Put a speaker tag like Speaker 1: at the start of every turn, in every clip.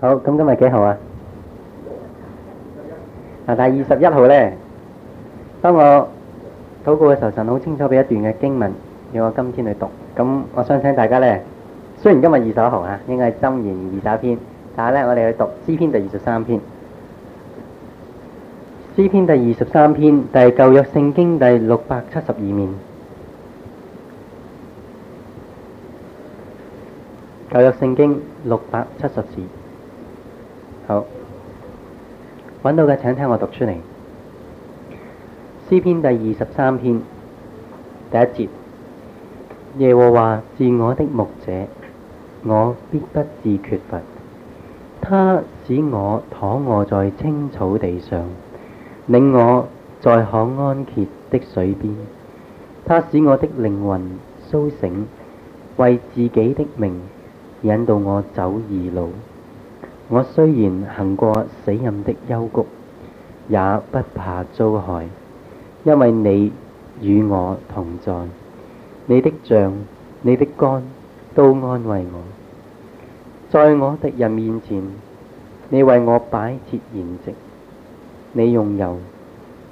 Speaker 1: 好咁，今日幾號啊？嗱，第二十一號咧。當我禱告嘅時候，神好清楚俾一段嘅經文，要我今天去讀。咁我想請大家咧，雖然今日二十一號啊，應該係《箴言》二十一篇，但係咧，我哋去讀《詩篇》第二十三篇，《詩篇》第二十三篇，第舊約聖經第六百七十二面，舊約聖經六百七十字。好，搵到嘅請聽我讀出嚟。詩篇第二十三篇第一節：耶和華是我的牧者，我必不至缺乏。他使我躺臥在青草地上，領我在可安歇的水邊。他使我的靈魂蘇醒，為自己的名引導我走義路。我雖然行過死蔭的幽谷，也不怕遭害，因為你與我同在。你的杖，你的竿都安慰我，在我敵人面前，你為我擺設筵席。你用油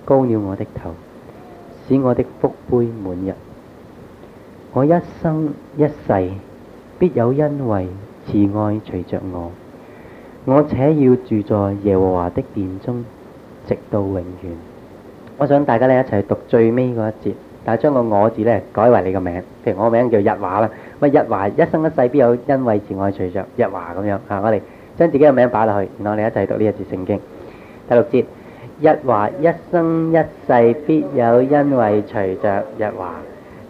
Speaker 1: 膏了我的頭，使我的福杯滿溢。我一生一世必有恩惠慈愛隨着我。我且要住在耶和華的殿中，直到永遠。我想大家咧一齊讀最尾嗰一節，但係將個我字咧改為你個名，譬如我名叫日華啦，乜日華一生一世必有恩惠慈愛隨着日華咁樣吓，我哋將自己個名擺落去，然後我哋一齊讀呢一節聖經。第六節：日華一生一世必有恩惠隨着日華，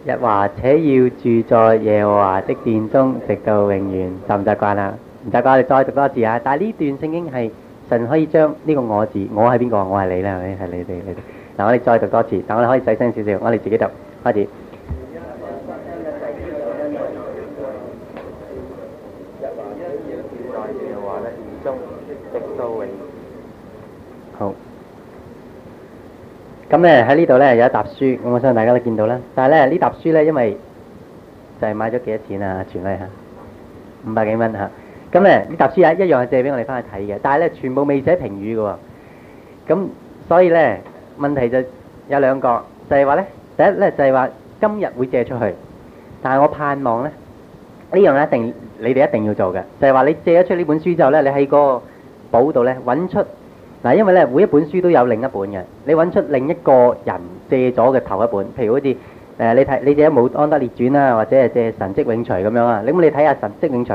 Speaker 1: 日華且要住在耶和華的殿中，直到永遠。習唔習慣啊？唔使講，我哋再讀多次啊！但係呢段聖經係神可以將呢個我字，我係邊個我係你啦，係你哋？你哋嗱，我哋再讀多次，但我哋可以細聲少少。我哋自己讀，開始。好。咁呢喺呢度呢，有一沓書，我相信大家都見到啦。但係呢，呢沓書呢，因為就係買咗幾多錢啊？全位嚇五百幾蚊嚇。咁咧呢沓書啊一樣係借俾我哋翻去睇嘅，但係咧全部未寫評語嘅喎。咁所以咧問題就有兩個，就係話咧，第一咧就係話今日會借出去，但係我盼望咧呢樣一定你哋一定要做嘅，就係話你借咗出呢本書之後咧，你喺個簿度咧揾出嗱，因為咧每一本書都有另一本嘅，你揾出另一個人借咗嘅頭一本，譬如好似誒你睇你借《武安德列傳》啦，或者係借《神蹟永隨》咁樣啊，你咁你睇下《神蹟永隨》。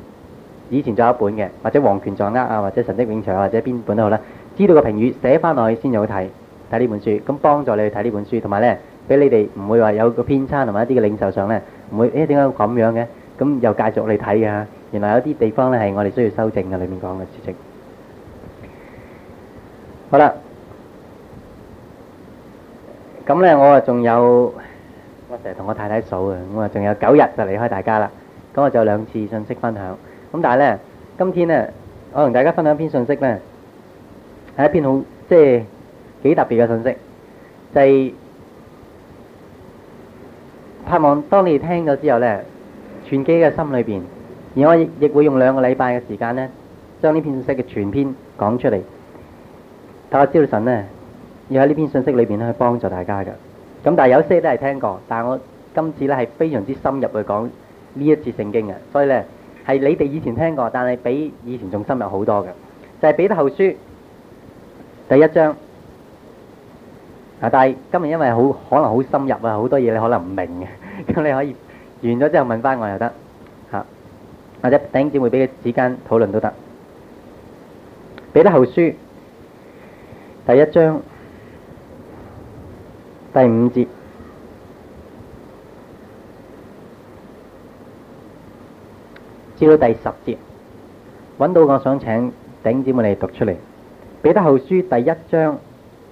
Speaker 1: 以前仲有一本嘅，或者王權在握啊，或者神蹟永長啊，或者邊本都好啦。知道個評語寫翻落去先有睇睇呢本書，咁幫助你去睇呢本書，同埋咧俾你哋唔會話有個偏差同埋一啲嘅領受上咧，唔會誒點解咁樣嘅，咁又繼續嚟睇嘅嚇。原來有啲地方咧係我哋需要修正嘅，裏面講嘅事情。好啦，咁咧我啊仲有，我成日同我太太數嘅，我啊仲有九日就離開大家啦。咁我就有兩次信息分享。咁但係咧，今天呢，我同大家分享一篇信息呢係一篇好即係幾特別嘅信息，就係盼望當你聽咗之後呢，全基嘅心裏邊，而我亦亦會用兩個禮拜嘅時間呢，將呢篇信息嘅全篇講出嚟，睇下知道神呢要喺呢篇信息裏邊去幫助大家嘅。咁但係有些都係聽過，但係我今次呢係非常之深入去講呢一次聖經嘅，所以呢。係你哋以前聽過，但係比以前仲深入好多嘅，就係彼得後書第一章。啊，但係今日因為好可能好深入啊，好多嘢你可能唔明嘅，咁你可以完咗之後問翻我又得，嚇或者等陣會俾佢時間討論都得。彼得後書第一章第五節。至到第十節，搵到我想請弟兄姊妹你哋讀出嚟，《彼得後書》第一章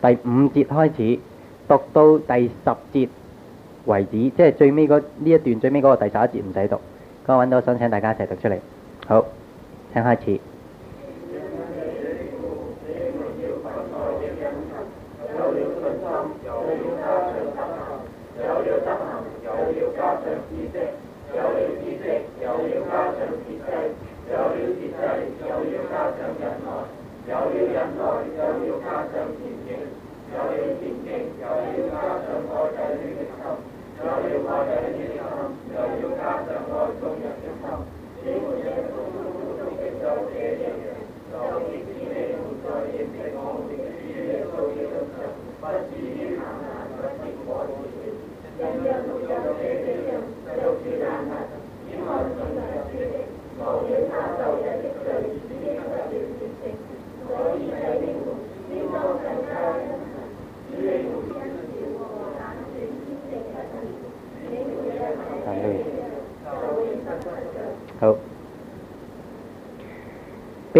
Speaker 1: 第五節開始，讀到第十節為止，即係最尾嗰呢一段，最尾嗰個第十一節唔使讀。我搵到想請大家一齊讀出嚟，好，請開始。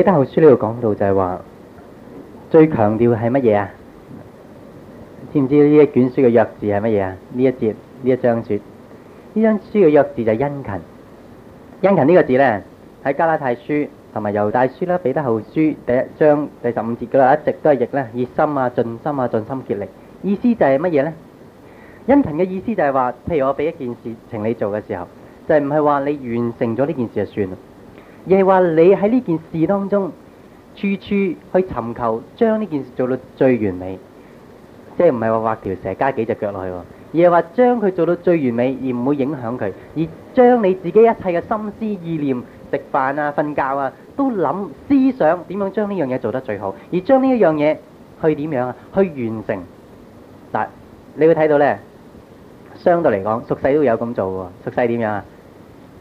Speaker 1: 《加後書》呢度講到就係話，最強調係乜嘢啊？知唔知呢一卷書嘅弱字係乜嘢啊？呢一節呢一章書，呢章書嘅弱字就係殷勤。殷勤呢個字呢，喺加拉太書同埋猶大書啦，彼得後書第一章第十五節噶啦，一直都係譯呢：「熱心啊、盡心啊、盡心竭力」。意思就係乜嘢呢？殷勤嘅意思就係話，譬如我俾一件事情你做嘅時候，就係唔係話你完成咗呢件事就算。亦係話你喺呢件事當中，處處去尋求將呢件事做到最完美，即係唔係話畫條蛇加幾隻腳落去喎？而係話將佢做到最完美，而唔會影響佢，而將你自己一切嘅心思意念、食飯啊、瞓覺啊，都諗思想點樣將呢樣嘢做得最好，而將呢一樣嘢去點樣啊？去完成。但你會睇到呢，相對嚟講，俗世都有咁做喎。俗世點樣啊？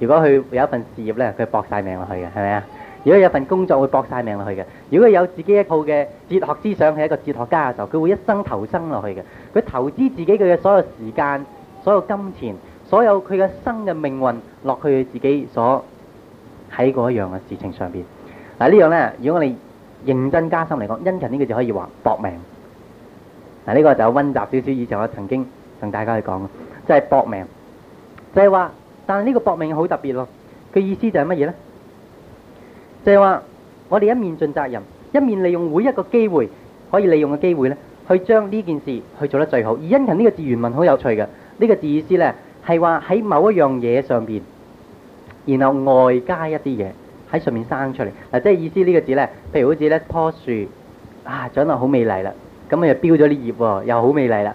Speaker 1: 如果佢有一份事業呢，佢搏晒命落去嘅，係咪啊？如果有份工作會搏晒命落去嘅。如果有自己一套嘅哲學思想係一個哲學家嘅時候，佢會一生投身落去嘅。佢投資自己嘅所有時間、所有金錢、所有佢嘅生嘅命運落去自己所喺嗰樣嘅事情上邊。嗱、啊、呢樣呢，如果我哋認真加深嚟講，殷勤呢句就可以話搏命。嗱呢、啊呢個就温習少少以前我曾經同大家去講即就係、係、搏命，即係話。但係呢個搏命好特別咯，嘅意思就係乜嘢呢？就係、是、話我哋一面盡責任，一面利用每一個機會可以利用嘅機會咧，去將呢件事去做得最好。而殷勤呢、這個字原文好有趣嘅，呢、這個字意思呢，係話喺某一樣嘢上邊，然後外加一啲嘢喺上面生出嚟嗱、啊，即係意思呢個字呢，譬如好似呢棵樹啊長得好美麗啦，咁啊又標咗啲葉喎，又好美麗啦。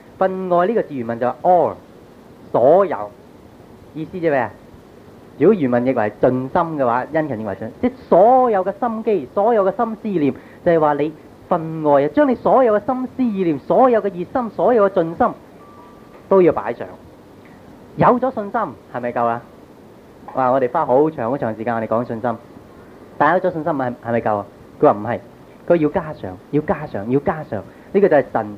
Speaker 1: 分外呢個字，原文就係 all 所有意思啫咩？如果原文譯為盡心嘅話，殷勤譯為盡，即所有嘅心機、所有嘅心思念，就係、是、話你分外啊，將你所有嘅心思意念、所有嘅熱心、所有嘅盡心都要擺上。有咗信心係咪夠啊？哇！我哋花好長好長時間，我哋講信心，但有咗信心唔係係咪夠啊？佢話唔係，佢要加上，要加上，要加上。呢、這個就係神。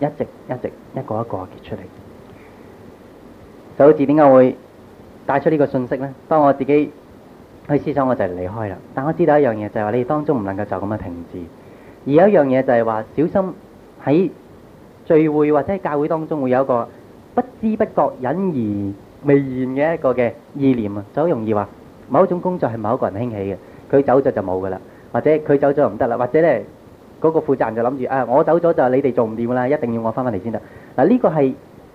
Speaker 1: 一直一直一個一個結出嚟。就好似點解會帶出呢個信息呢？當我自己去思想，我就離開啦。但我知道一樣嘢就係話，你當中唔能夠就咁樣停止。而有一樣嘢就係話，小心喺聚會或者教會當中，會有一個不知不覺隱而未然嘅一個嘅意念啊。就好容易話，某種工作係某一個人興起嘅，佢走咗就冇噶啦，或者佢走咗就唔得啦，或者咧。嗰個負責人就諗住啊，我走咗就你哋做唔掂啦，一定要我翻返嚟先得。嗱，呢個係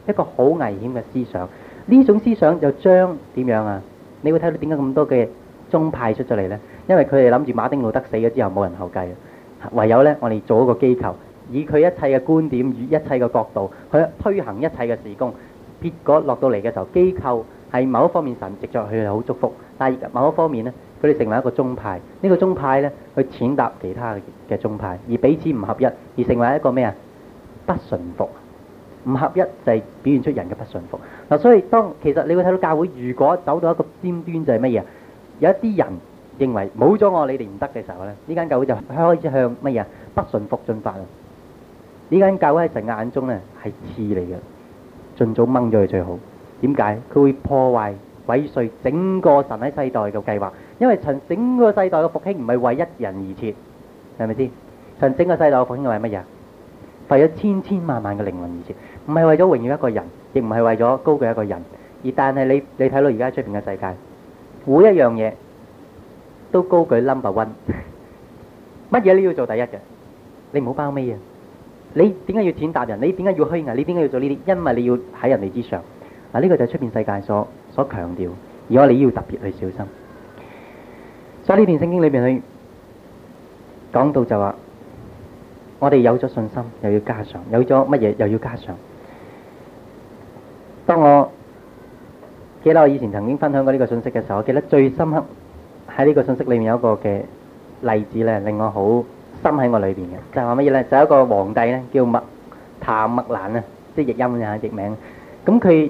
Speaker 1: 一個好危險嘅思想。呢種思想就將點樣啊？你會睇到點解咁多嘅宗派出咗嚟呢？因為佢哋諗住馬丁路德死咗之後冇人後繼，唯有呢，我哋做一個機構，以佢一切嘅觀點與一切嘅角度去推行一切嘅事工。結果落到嚟嘅時候，機構係某一方面神藉著佢好祝福，但係某一方面呢。佢哋成為一個宗派，呢個宗派咧去踐踏其他嘅嘅宗派，而彼此唔合一，而成為一個咩啊？不順服，唔合一就係表現出人嘅不順服。嗱，所以當其實你會睇到教會，如果走到一個尖端就係乜嘢啊？有一啲人認為冇咗我你哋唔得嘅時候咧，呢間教會就開始向乜嘢啊？不順服進發啊！呢間教會喺神嘅眼中咧係刺嚟嘅，盡早掹咗佢最好。點解？佢會破壞。鬼碎整個神喺世代嘅計劃，因為神整個世代嘅復興唔係為一人而設，係咪先？神整個世代嘅復興係為乜嘢？為咗千千萬萬嘅靈魂而設，唔係為咗榮耀一個人，亦唔係為咗高舉一個人，而但係你你睇到而家出邊嘅世界，每一樣嘢都高舉 number one，乜 嘢都要做第一嘅，你唔好包尾啊！你點解要踐踏人？你點解要虛偽？你點解要做呢啲？因為你要喺人哋之上。嗱、啊，呢、這個就係出邊世界所。我強調，而我哋要特別去小心。所以呢段聖經裏邊佢講到就話，我哋有咗信心又要加上，有咗乜嘢又要加上。當我記得我以前曾經分享過呢個信息嘅時候，我記得最深刻喺呢個信息裏面有一個嘅例子咧，令我好深喺我裏邊嘅就係話乜嘢咧？就有一個皇帝咧，叫麥譚麥蘭啊，即係譯音啊，譯名。咁佢。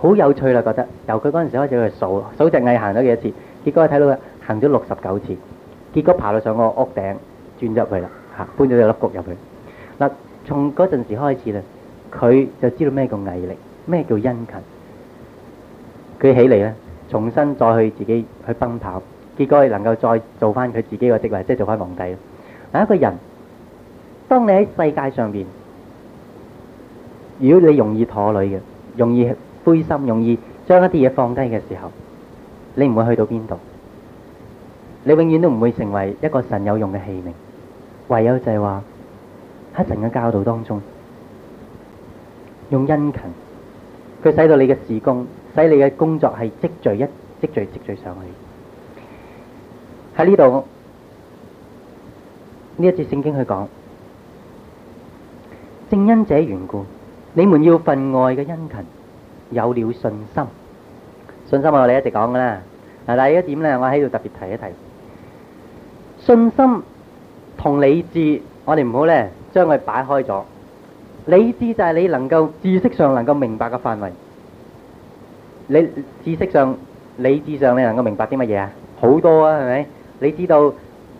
Speaker 1: 好有趣啦，覺得由佢嗰陣時開始去數數隻蟻行咗幾多次，結果睇到佢行咗六十九次，結果爬到上個屋頂轉咗入去啦，嚇搬咗一粒谷入去。嗱，從嗰陣時開始咧，佢就知道咩叫毅力，咩叫殷勤。佢起嚟咧，重新再去自己去奔跑，結果能夠再做翻佢自己嘅職位，即係做翻皇帝。但一個人，當你喺世界上邊，如果你容易妥女嘅，容易。灰心，容易將一啲嘢放低嘅時候，你唔會去到邊度，你永遠都唔會成為一個神有用嘅器皿。唯有就係話喺神嘅教導當中，用殷勤，佢使到你嘅事工，使你嘅工作係積聚一積聚積聚，聚，聚，聚上去。喺呢度呢一節聖經去講，正因這緣故，你們要分外嘅殷勤。有了信心，信心，我哋一直講噶啦。嗱，但係一點呢，我喺度特別提一提，信心同理智，我哋唔好呢將佢擺開咗。理智就係你能夠知識上能夠明白嘅範圍。你知識上、理智上，你能夠明白啲乜嘢啊？好多啊，係咪？你知道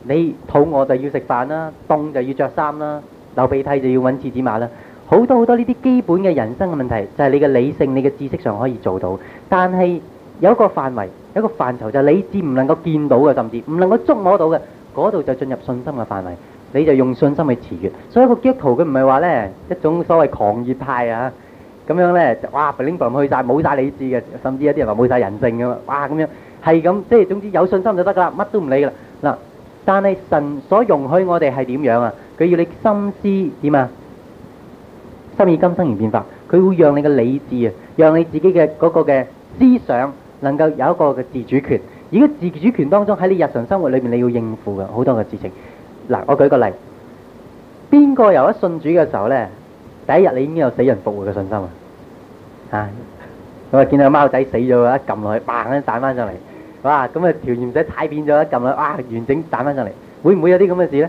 Speaker 1: 你肚餓就要食飯啦，凍就要着衫啦，流鼻涕就要搵廁紙馬啦。好多好多呢啲基本嘅人生嘅問題，就係你嘅理性、你嘅知識上可以做到，但係有一個範圍、有一個範疇，就理智唔能夠見到嘅，甚至唔能夠觸摸到嘅，嗰度就進入信心嘅範圍，你就用信心去超越。所以個基督徒，佢唔係話呢一種所謂狂熱派啊，咁樣呢，哇，bling bling 去曬，冇曬理智嘅，甚至有啲人話冇曬人性嘅，哇咁樣係咁，即係總之有信心就得㗎啦，乜都唔理㗎啦。嗱，但係神所容許我哋係點樣啊？佢要你深思點啊？今以今生而變化，佢會讓你嘅理智啊，讓你自己嘅嗰個嘅思想能夠有一個嘅自主權。如果自主權當中喺你日常生活裏面你要應付嘅好多嘅事情。嗱，我舉個例，邊個由一信主嘅時候呢，第一日你已經有死人復活嘅信心啊！啊，咁啊見到貓仔死咗，一撳落去，bang，彈翻上嚟，哇！咁啊條魚仔踩扁咗，一撳落去，哇，完整彈翻上嚟，會唔會有啲咁嘅事呢？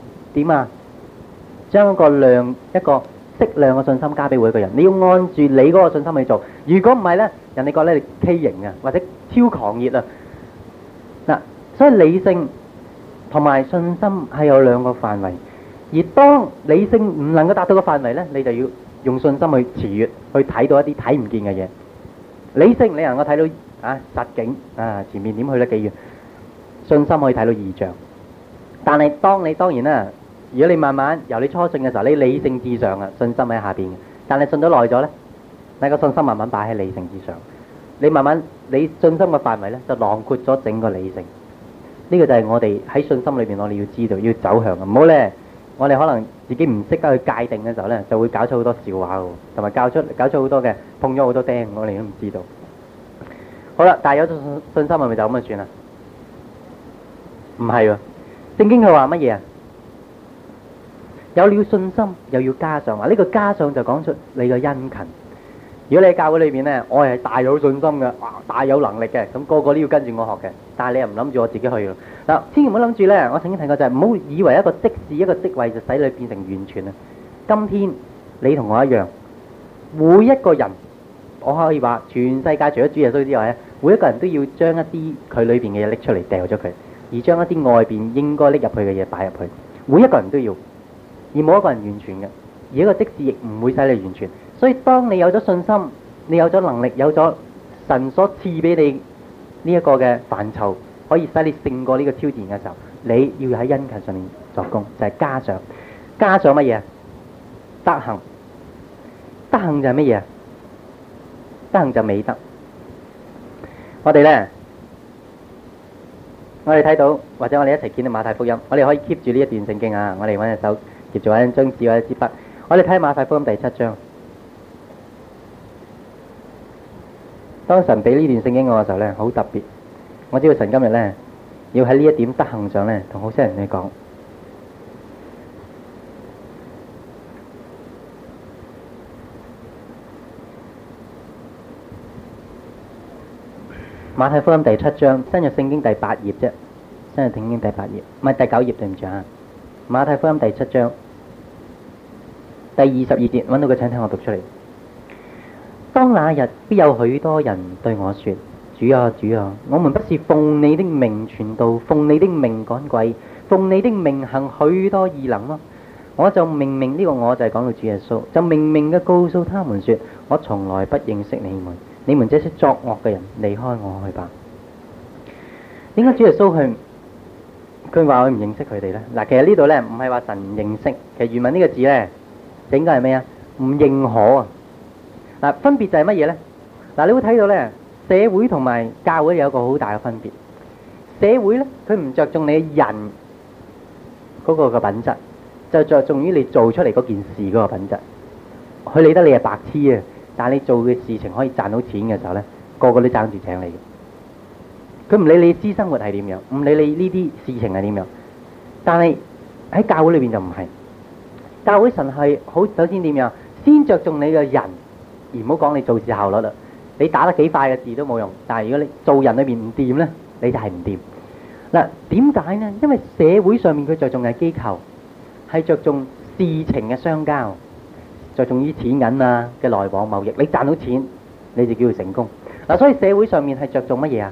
Speaker 1: 點啊？將一個量一個適量嘅信心加俾每一個人。你要按住你嗰個信心去做。如果唔係咧，人哋覺得你畸形啊，或者超狂熱啊。嗱，所以理性同埋信心係有兩個範圍。而當理性唔能夠達到嘅範圍咧，你就要用信心去超越，去睇到一啲睇唔見嘅嘢。理性你能夠睇到啊，實境啊，前面點去得幾遠，信心可以睇到異象。但係當你當然啦。如果你慢慢由你初信嘅時候，你理性至上啊，信心喺下邊嘅。但係信咗耐咗咧，你個信心慢慢擺喺理性之上，你慢慢你信心嘅範圍咧就囊括咗整個理性。呢個就係我哋喺信心裏邊，我哋要知道要走向唔好咧，我哋可能自己唔識得去界定嘅時候咧，就會搞出好多笑話，同埋教出搞出好多嘅碰咗好多釘，我哋都唔知道。好啦，但係有信心係咪就咁啊算啊？唔係啊，聖經佢話乜嘢啊？有了信心，又要加上啊！呢、這個加上就講出你個殷勤。如果你喺教會裏邊呢，我係大有信心嘅，大有能力嘅，咁、那個個都要跟住我學嘅。但係你又唔諗住我自己去。千祈唔好諗住呢，我曾經提過就係唔好以為一個的士一個職位就使你變成完全啊。今天你同我一樣，每一個人，我可以話全世界除咗主耶穌之外咧，每一個人都要將一啲佢裏邊嘅嘢拎出嚟掉咗佢，而將一啲外邊應該拎入去嘅嘢擺入去。每一個人都要。而冇一個人完全嘅，而一個即使亦唔會使你完全。所以當你有咗信心，你有咗能力，有咗神所賜俾你呢一個嘅範疇，可以使你勝過呢個挑戰嘅時候，你要喺殷勤上面作工。就係加上，加上乜嘢啊？德行，德行就係乜嘢啊？德行就係美德。我哋咧，我哋睇到或者我哋一齊見到馬太福音，我哋可以 keep 住呢一段聖經啊！我哋揾隻手。接住一張紙或者一支筆，我哋睇馬太福音第七章。當神俾呢段聖經我嘅時候咧，好特別。我知道神今日咧，要喺呢一點德行上咧，同好些人去講。馬太福音第七章，新約聖經第八頁啫，新約聖經第八頁，唔係第九頁，對唔住啊？馬太福音第七章第二十二節，搵到個請聽我讀出嚟。當那日，必有許多人對我說：主啊，主啊，我們不是奉你的名傳道，奉你的名趕鬼，奉你的名行許多異能麼？我就明明呢個我就係講到主耶穌，就明明嘅告訴他們說：我從來不認識你們，你們這些作惡嘅人，離開我去吧。點解主耶穌去？佢話：我唔認識佢哋咧。嗱，其實呢度咧唔係話神唔認識，其實原文呢個字咧，整解係咩啊？唔認可啊！嗱，分別就係乜嘢咧？嗱，你會睇到咧，社會同埋教會有一個好大嘅分別。社會咧，佢唔着重你人嗰個嘅品質，就着重於你做出嚟嗰件事嗰個品質。佢理得你係白痴啊，但係你做嘅事情可以賺到錢嘅時候咧，個個都爭住請你嘅。佢唔理你私生活係點樣，唔理你呢啲事情係點樣，但係喺教會裏邊就唔係。教會神係好首先點樣？先着重你嘅人，而唔好講你做事效率啦。你打得幾快嘅字都冇用，但係如果你做人裏邊唔掂咧，你就係唔掂。嗱、啊，點解呢？因為社會上面佢着重係機構，係着重事情嘅相交，着重於錢銀啊嘅來往貿易。你賺到錢，你就叫做成功。嗱、啊，所以社會上面係着重乜嘢啊？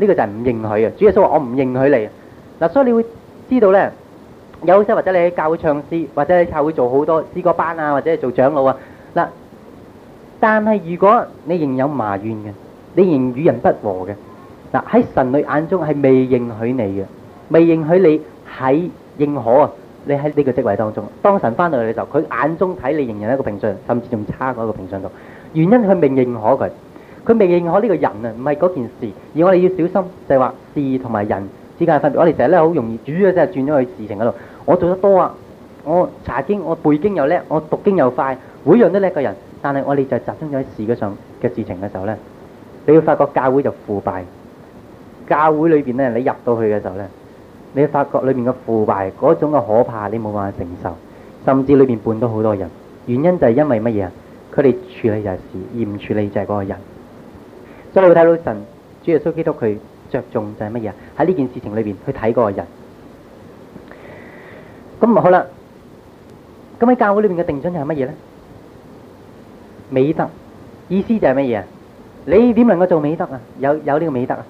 Speaker 1: 呢個就係唔認許啊！主耶穌話：我唔認許你。嗱，所以你會知道咧，有些或者你喺教會唱詩，或者喺教會做好多詩歌班啊，或者係做長老啊。嗱，但係如果你仍有埋怨嘅，你仍與人不和嘅，嗱，喺神女眼中係未認許你嘅，未認許你喺認可啊你喺呢個職位當中。當神翻到嚟嘅時候，佢眼中睇你仍然係一個平常，甚至仲差過一個平常度。原因佢未認可佢。佢未認可呢個人啊，唔係嗰件事，而我哋要小心，就係話事同埋人之間嘅分別。我哋成日咧好容易主要就係，轉咗去事情嗰度。我做得多啊，我查經我背經又叻，我讀經又快，會用得叻嘅人。但係我哋就集中咗喺事嘅上嘅事情嘅時候咧，你會發覺教會就腐敗。教會裏邊咧，你入到去嘅時候咧，你會發覺裏邊嘅腐敗嗰種嘅可怕，你冇辦法承受，甚至裏邊伴到好多人。原因就係因為乜嘢啊？佢哋處理就係事，而唔處理就係嗰個人。所以你會睇到神主耶穌基督佢着重就係乜嘢？喺呢件事情裏邊去睇嗰個人。咁好啦，咁喺教會裏邊嘅定準係乜嘢咧？美德，意思就係乜嘢啊？你點能夠做美德啊？有有呢個美德啊？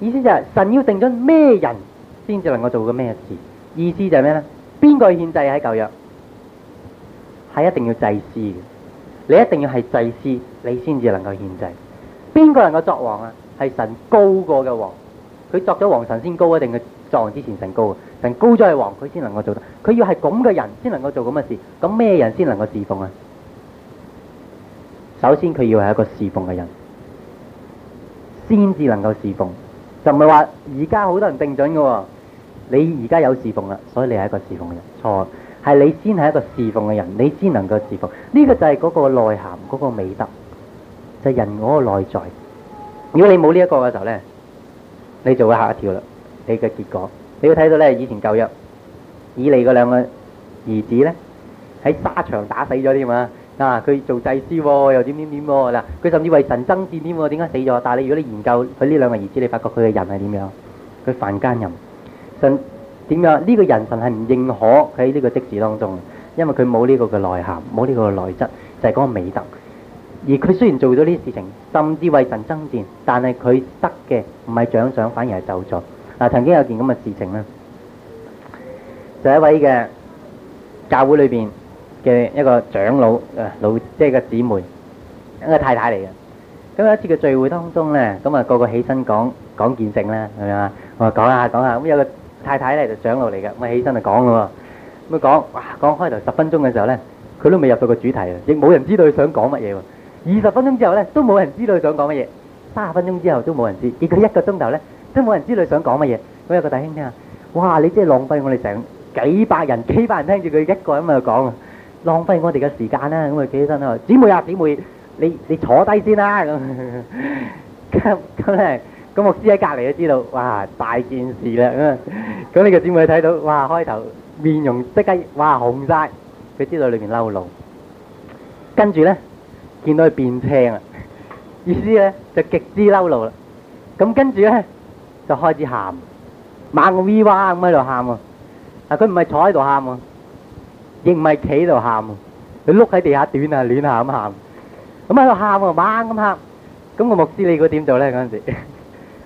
Speaker 1: 意思就係、是、神要定準咩人先至能夠做個咩事？意思就係咩咧？邊個獻祭喺舊約？係一定要祭司嘅，你一定要係祭司，你先至能夠獻祭。邊個能夠作王啊？係神高過嘅王，佢作咗王神先高啊，定係作王之前神高啊？神高咗係王，佢先能夠做得。佢要係咁嘅人先能夠做咁嘅事。咁咩人先能夠侍奉啊？首先佢要係一個侍奉嘅人，先至能夠侍奉。就唔係話而家好多人定準嘅，你而家有侍奉啦，所以你係一個侍奉嘅人。錯，係你先係一個侍奉嘅人，你先能夠侍奉。呢個就係嗰個內涵，嗰個美德。就人我個內在，如果你冇呢一個嘅時候咧，你就會嚇一跳啦。你嘅結果，你要睇到咧，以前舊約以嚟嗰兩個兒子咧，喺沙場打死咗添啊！佢做祭司喎，又點點點喎嗱，佢、啊、甚至為神爭戰添喎，點解死咗？但係你如果你研究佢呢兩個兒子，你發覺佢嘅人係點樣？佢凡間人，神點樣？呢、這個人神係唔認可佢喺呢個職事當中，因為佢冇呢個嘅內涵，冇呢個嘅內質，就係、是、嗰個美德。而佢雖然做咗呢啲事情，甚至為神爭戰，但係佢得嘅唔係獎賞，反而係就助。嗱，曾經有件咁嘅事情呢，就是、一位嘅教會裏邊嘅一個長老老即係個姊妹，一個太太嚟嘅。咁有一次嘅聚會當中呢，咁、那、啊個個起身講講見證咧，係咪啊？我話講下講下，咁有個太太咧就長老嚟嘅，咁起身就講喎。咁佢講哇，講開頭十分鐘嘅時候呢，佢都未入到個主題啊，亦冇人知道佢想講乜嘢喎。二十分鐘之後咧，都冇人知道佢想講乜嘢。三十分鐘之後都冇人知，結果一個鐘頭咧都冇人知道佢想講乜嘢。咁有一個大兄聽下，哇！你真係浪費我哋成幾百人、幾百人聽住佢一個人喺度講，浪費我哋嘅時間啦。咁佢企起身啊，姊妹啊姊妹，你你坐低先啦咁。咁咁咧，咁牧師喺隔離都知道，哇！大件事啦咁啊。咁你個姊妹睇到，哇！開頭面容即刻哇紅晒，佢知道裏面嬲怒。跟住咧。見到佢變青啊！意思咧就極之嬲怒啦。咁跟住咧就開始喊，猛 V 哇咁喺度喊喎。啊，佢唔係坐喺度喊喎，亦唔係企喺度喊喎，佢碌喺地下短啊，亂喊咁喊。咁喺度喊喎，猛咁喊。咁個牧師你嗰點做咧？嗰陣時，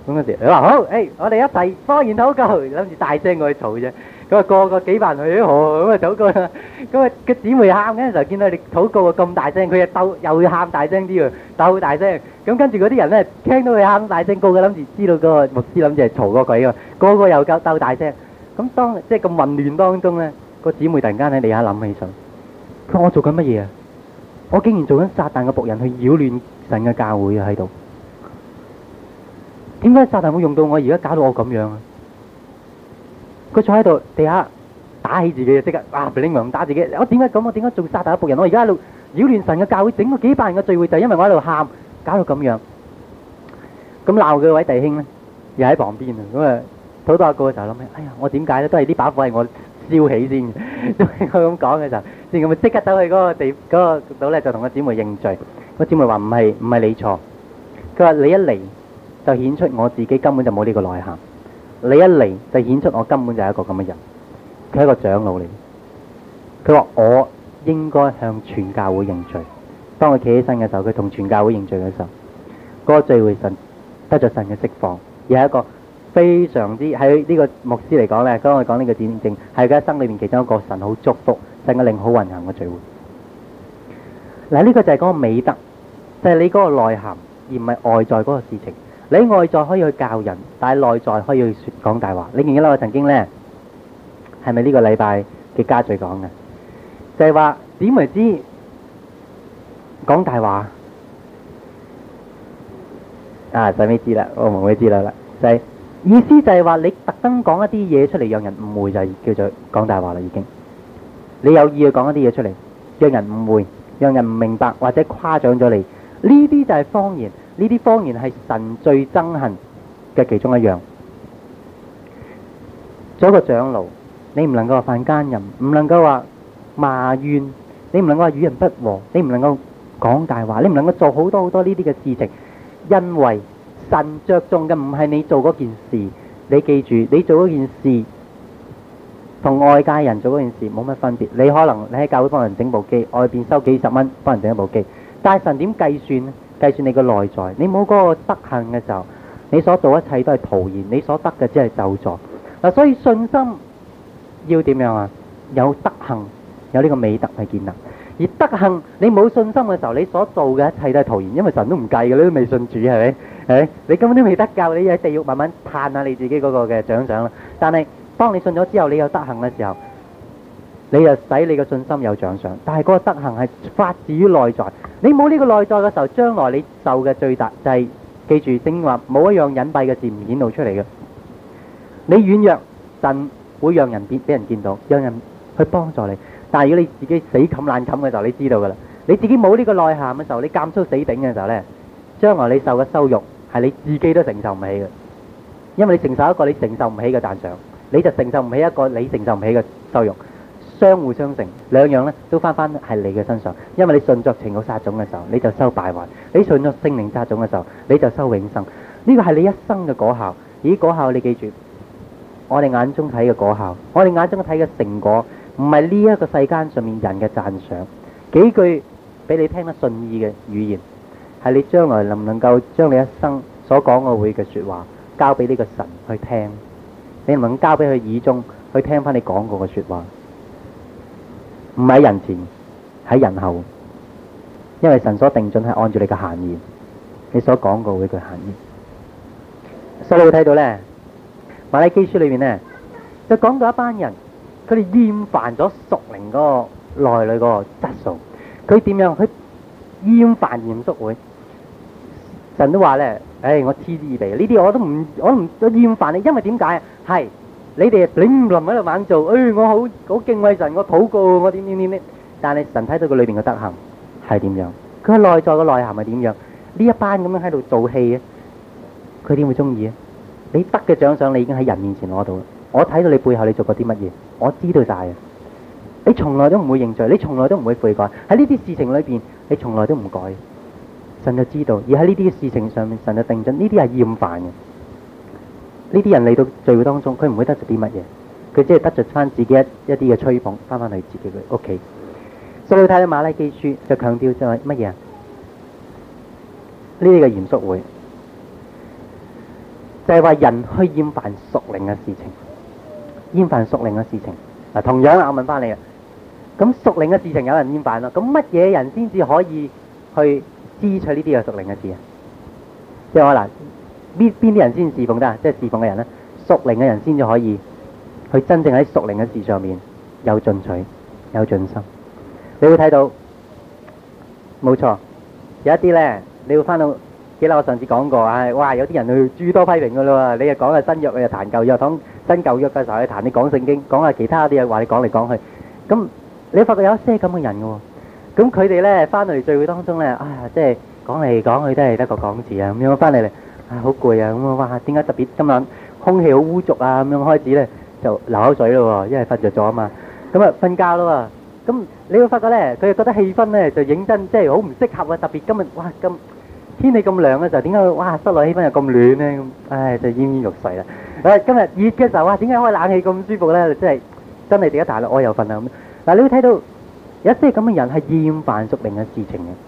Speaker 1: 嗰陣時佢話好，誒，我哋一齊方言禱告，諗住大聲過去嘈啫。佢話個個幾百人去，嗬咁啊禱告。咁啊，個姊妹喊嗰陣時候，見到你禱告啊咁大聲，佢啊鬥又喊大聲啲喎，鬥大聲。咁跟住嗰啲人咧，聽到佢喊大聲，個個諗住知道個牧師諗住係嘈個鬼啊嘛，個個又夠鬥大聲。咁當即係咁混亂當中咧，個姊妹突然間喺地下諗起上，佢話我做緊乜嘢啊？我竟然做緊撒但嘅僕人，去擾亂神嘅教會啊！喺度，點解撒但會用到我而家搞到我咁樣啊？佢坐喺度地下打起自己，即刻哇！噼哩啪打自己，我點解咁？我點解做撒但一僕人？我而家喺度擾亂神嘅教會，整個幾百人嘅聚會就係因為我喺度喊，搞到咁樣。咁鬧佢個位弟兄咧，又喺旁邊啊！咁啊，好多阿哥就諗起，哎呀，我點解咧？都係呢把火係我燒起先，都係我咁講嘅時候，所以佢即刻走去嗰個地嗰個度咧，就同個姊妹認罪。個姊妹話唔係，唔係你錯，佢話你一嚟就顯出我自己根本就冇呢個內涵。你一嚟就顯出我根本就係一個咁嘅人，佢係一個長老嚟。佢話我應該向全教會認罪。當佢企起身嘅時候，佢同全教會認罪嘅時候，嗰、那個聚會神得咗神嘅釋放，而係一個非常之喺呢個牧師嚟講咧，當我講呢個見證係佢一生裏面其中一個神好祝福、神嘅靈好運行嘅聚會。嗱，呢個就係嗰個美德，就係、是、你嗰個內涵，而唔係外在嗰個事情。你外在可以去教人，但係內在可以去說講大話。你記唔記得我曾經咧，係咪呢個禮拜嘅家敘講嘅？就係話點為之講大話啊！使咩知啦？我冇咩知啦啦。就係意思就係話你特登講一啲嘢出嚟，讓人誤會就叫做講大話啦。已經你有意去講一啲嘢出嚟，讓人誤會、讓人唔明白或者誇張咗你，呢啲就係方言。呢啲方言係神最憎恨嘅其中一樣。做一個長老，你唔能夠話犯奸淫，唔能夠話埋怨，你唔能夠話與人不和，你唔能夠講大話，你唔能夠做好多好多呢啲嘅事情，因為神着重嘅唔係你做嗰件事，你記住，你做嗰件事同外界人做嗰件事冇乜分別。你可能你喺教會幫人整部機，外邊收幾十蚊幫人整一部機，但係神點計算咧？計算你個內在，你冇嗰個德行嘅時候，你所做一切都係徒然，你所得嘅只係咒詛。嗱，所以信心要點樣啊？有德行，有呢個美德係建立。而德行，你冇信心嘅時候，你所做嘅一切都係徒然，因為神都唔計嘅，你都未信主係咪？誒，你根本都未得救，你喺地獄慢慢嘆下你自己嗰個嘅獎賞啦。但係，當你信咗之後，你有德行嘅時候。你又使你嘅信心有獎賞，但係嗰個德行係發自於內在。你冇呢個內在嘅時候，將來你受嘅最大就係記住，正話冇一樣隱蔽嘅事唔顯露出嚟嘅。你軟弱，神會讓人見俾人見到，讓人去幫助你。但係如果你自己死冚爛冚嘅時候，你知道㗎啦。你自己冇呢個內涵嘅時候，你監出死頂嘅時候咧，將來你受嘅羞辱係你自己都承受唔起嘅，因為你承受一個你承受唔起嘅讚賞，你就承受唔起一個你承受唔起嘅羞辱。相互相成，兩樣咧都翻翻係你嘅身上，因為你信着情欲撒種嘅時候，你就收敗壞；你信着聖靈撒種嘅時候，你就收永生。呢個係你一生嘅果效。咦，果效你記住，我哋眼中睇嘅果效，我哋眼中睇嘅成果，唔係呢一個世間上面人嘅讚賞，幾句俾你聽得順意嘅語言，係你將來能唔能夠將你一生所講嘅會嘅說話，交俾呢個神去聽，你能唔能交俾佢耳中去聽翻你講過嘅說話。唔喺人前，喺人後，因為神所定準係按照你嘅行言，你所講嘅嗰幾句行言，所以你會睇到咧，瑪拉基書裏邊咧，就講到一班人，佢哋厭煩咗屬靈個內裏個質素，佢點樣，佢厭煩嚴肅會，神都話咧，唉、哎，我嗤之以鼻，呢啲我都唔，我唔，厭煩你，因為點解啊，係。你哋永唔能喺度玩做，哎，我好好敬畏神，我禱告，我點點點點，但係神睇到佢裏邊嘅德行係點樣，佢嘅內在嘅內涵係點樣，呢一班咁樣喺度做戲嘅，佢點會中意啊？你得嘅獎賞你已經喺人面前攞到，我睇到你背後你做過啲乜嘢，我知道晒嘅，你從來都唔會認罪，你從來都唔會悔改，喺呢啲事情裏邊，你從來都唔改，神就知道，而喺呢啲事情上面，神就定準呢啲係厭煩嘅。呢啲人嚟到聚會當中，佢唔會得著啲乜嘢，佢只係得着返自己一一啲嘅吹捧，返返去自己嘅屋企。所以睇到馬拉基書就強調咗乜嘢啊？呢啲嘅嚴肅會就係、是、話人去厭煩屬靈嘅事情，厭煩屬靈嘅事情。嗱，同樣啊，我問返你啊，咁屬靈嘅事情有人厭煩咯，咁乜嘢人先至可以去支取呢啲嘅屬靈嘅事啊？即係嗱。邊邊啲人先侍奉得啊？即係侍奉嘅人咧，屬靈嘅人先至可以去真正喺屬靈嘅事上面有進取、有進心。你會睇到冇錯，有一啲咧，你會翻到記得我上次講過啊，哇！有啲人佢諸多批評嘅啦喎，你又講啊新約，你又彈舊約，當新舊約嘅時候，你彈啲講聖經、講下其他啲嘢，話你講嚟講去，咁你發覺有些咁嘅人嘅喎，咁佢哋咧翻嚟聚會當中咧，啊，即係講嚟講去都係得個講字啊，咁樣翻嚟嚟。啊，好攰啊！咁啊，哇，點解特別今日空氣好污濁啊？咁樣開始咧就流口水咯喎，因為瞓著咗啊嘛，咁啊瞓覺咯喎，咁你會發覺咧，佢哋覺得氣氛咧就認真，即係好唔適合啊！特別今日哇咁天氣咁涼嘅時候，點解哇室內氣氛又咁暖咧？唉，就昏昏欲睡啦！啊，今日熱嘅時候啊，點解開冷氣咁舒服咧？真係真係點解大老我又瞓啊？嗱，你會睇到有一啲咁嘅人係厭煩宿命嘅事情嘅。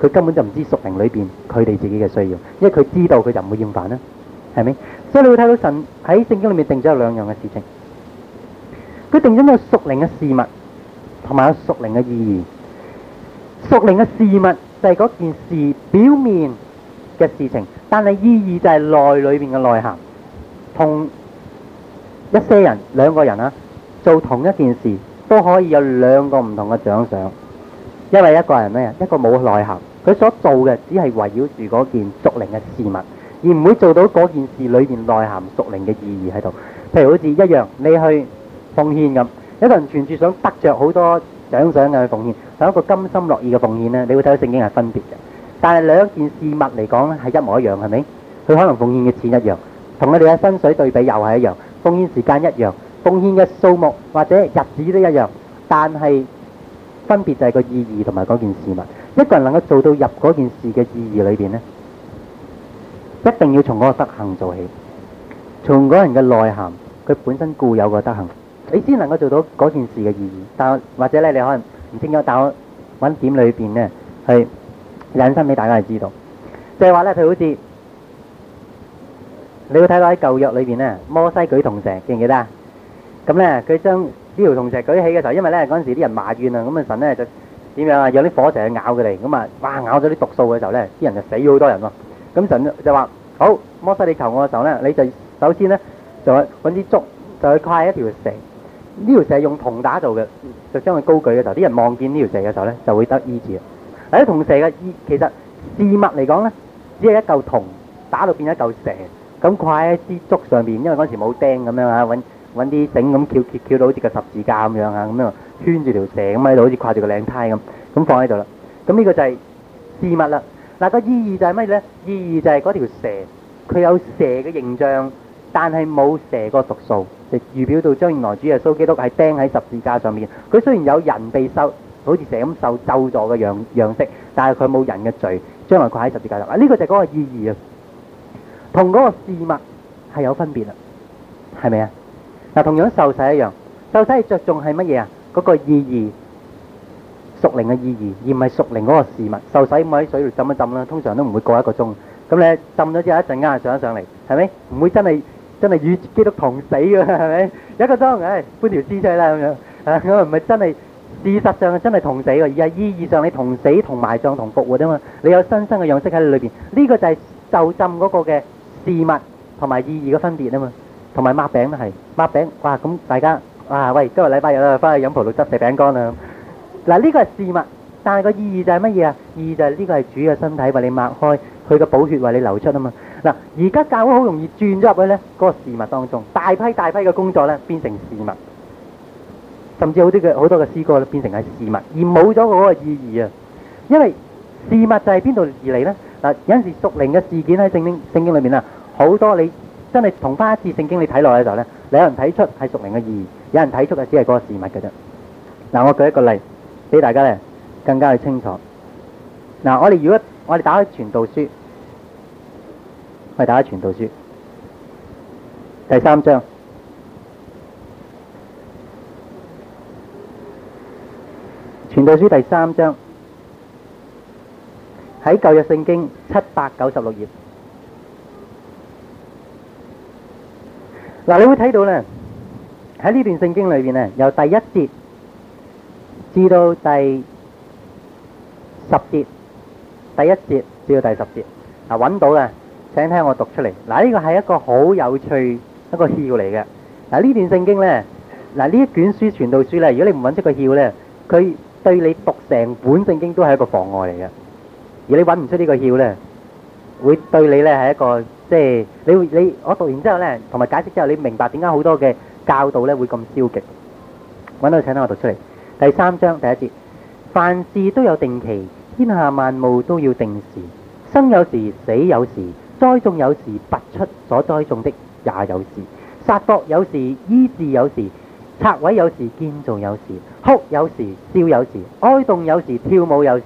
Speaker 1: 佢根本就唔知屬靈裏邊佢哋自己嘅需要，因為佢知道佢就唔會厭煩啦，係咪？所以你會睇到神喺聖經裏面定咗有兩樣嘅事情，佢定咗有屬靈嘅事物，同埋有屬靈嘅意義。屬靈嘅事物就係嗰件事表面嘅事情，但係意義就係內裏邊嘅內涵。同一些人兩個人啊，做同一件事都可以有兩個唔同嘅獎賞。因為一個人咧，一個冇內涵，佢所做嘅只係圍繞住嗰件屬靈嘅事物，而唔會做到嗰件事裏邊內涵屬靈嘅意義喺度。譬如好似一樣，你去奉獻咁，一個人存住想得著好多獎賞嘅奉獻，同一個甘心樂意嘅奉獻咧，你會睇到聖經係分別嘅。但係兩件事物嚟講咧，係一模一樣，係咪？佢可能奉獻嘅錢一樣，同我哋嘅薪水對比又係一樣，奉獻時間一樣，奉獻嘅數目或者日子都一樣，但係。分別就係個意義同埋嗰件事物。一個人能夠做到入嗰件事嘅意義裏邊呢一定要從嗰個德行做起，從嗰人嘅內涵，佢本身固有嘅德行，你先能夠做到嗰件事嘅意義。但或者咧，你可能唔清楚，但我揾點裏邊咧引申俾大家去知道，即係話咧，佢好似你會睇到喺舊約裏邊呢摩西舉銅蛇，記唔記得？咁呢，佢將呢條銅蛇舉起嘅時候，因為咧嗰陣時啲人埋怨啊，咁啊神咧就點樣啊？有啲火蛇咬佢嚟，咁啊哇咬咗啲毒素嘅時候咧，啲人就死咗好多人咯。咁神就話：好，摩西你求我嘅時候咧，你就首先咧就去揾支竹，就去跨一條蛇。呢條蛇用銅打造嘅，就將佢高舉嘅時候，啲人望見呢條蛇嘅時候咧，就會得醫治。嗱，啲銅蛇嘅醫治，其實事物嚟講咧，只係一嚿銅打到變咗一嚿蛇，咁跨喺支竹上面，因為嗰陣時冇釘咁樣啊揾。揾啲繩咁翹翹翹到好似個十字架咁樣啊，咁啊圈住條蛇咁喺度，好似掛住個領呔咁，咁放喺度啦。咁、這、呢個就係事物啦。嗱、那，個意義就係乜嘢咧？意義就係嗰條蛇，佢有蛇嘅形象，但係冇蛇個毒素。預、就是、表到將來主耶穌基督係釘喺十字架上面。佢雖然有人被收，好似蛇咁受咒詛嘅樣樣式，但係佢冇人嘅罪。將來佢喺十字架度，呢、這個就係嗰個意義啊。同嗰個事物係有分別啦，係咪啊？嗱，同樣受洗一樣，受洗着重係乜嘢啊？嗰個意義、屬靈嘅意義，而唔係屬靈嗰個事物。受洗唔喺水度浸一浸啦，通常都唔會過一個鐘。咁你浸咗之後，一陣間就上一上嚟，係咪？唔會真係真係與基督同死嘅，係咪？一個鐘，唉、哎，搬條屍出去啦咁樣，唉，咁啊唔係真係事實上真係同死嘅，而係意義上你同死、同埋葬、同復活啫嘛。你有新生嘅樣式喺裏邊，呢個就係受浸嗰個嘅事物同埋意義嘅分別啊嘛。同埋抹餅都係抹餅，哇！咁大家啊，喂，今日禮拜日啦，翻去飲葡萄汁食餅乾啦。嗱，呢個係事物，但係個意義就係乜嘢啊？意義就係呢個係主嘅身體為你擘開，佢嘅寶血為你流出啊嘛。嗱，而家教會好容易轉咗入去咧，嗰個事物當中，大批大批嘅工作咧變成事物，甚至好啲嘅好多嘅詩歌咧變成係事物，而冇咗嗰個意義啊。因為事物就係邊度而嚟咧？嗱，有陣時屬靈嘅事件喺聖經聖經裏面啊，好多你。真係同翻一次聖經，你睇落去嘅時候咧，你有人睇出係屬靈嘅意義，有人睇出嘅只係個事物嘅啫。嗱，我舉一個例，俾大家咧更加去清楚。嗱，我哋如果我哋打開傳道書，我哋打開傳道書第三章，傳道書第三章喺舊約聖經七百九十六頁。嗱，你會睇到咧，喺呢段聖經裏邊咧，由第一節至到第十節，第一節至到第十節，嗱，揾到喇，請聽我讀出嚟。嗱，呢個係一個好有趣一個竅嚟嘅。嗱，呢段聖經咧，嗱，呢一卷書傳道書咧，如果你唔揾出個竅咧，佢對你讀成本聖經都係一個妨礙嚟嘅。而你揾唔出呢個竅咧，會對你咧係一個。即係你你我讀完之後呢，同埋解釋之後，你明白點解好多嘅教導呢會咁消極？揾到，請等我讀出嚟。第三章第一節，凡事都有定期，天下萬物都要定時。生有時，死有時；栽種有時，拔出所栽種的也有時；殺戮有時，醫治有時；拆毀有時，建造有時；哭有時，笑有時；哀慟有時，跳舞有時；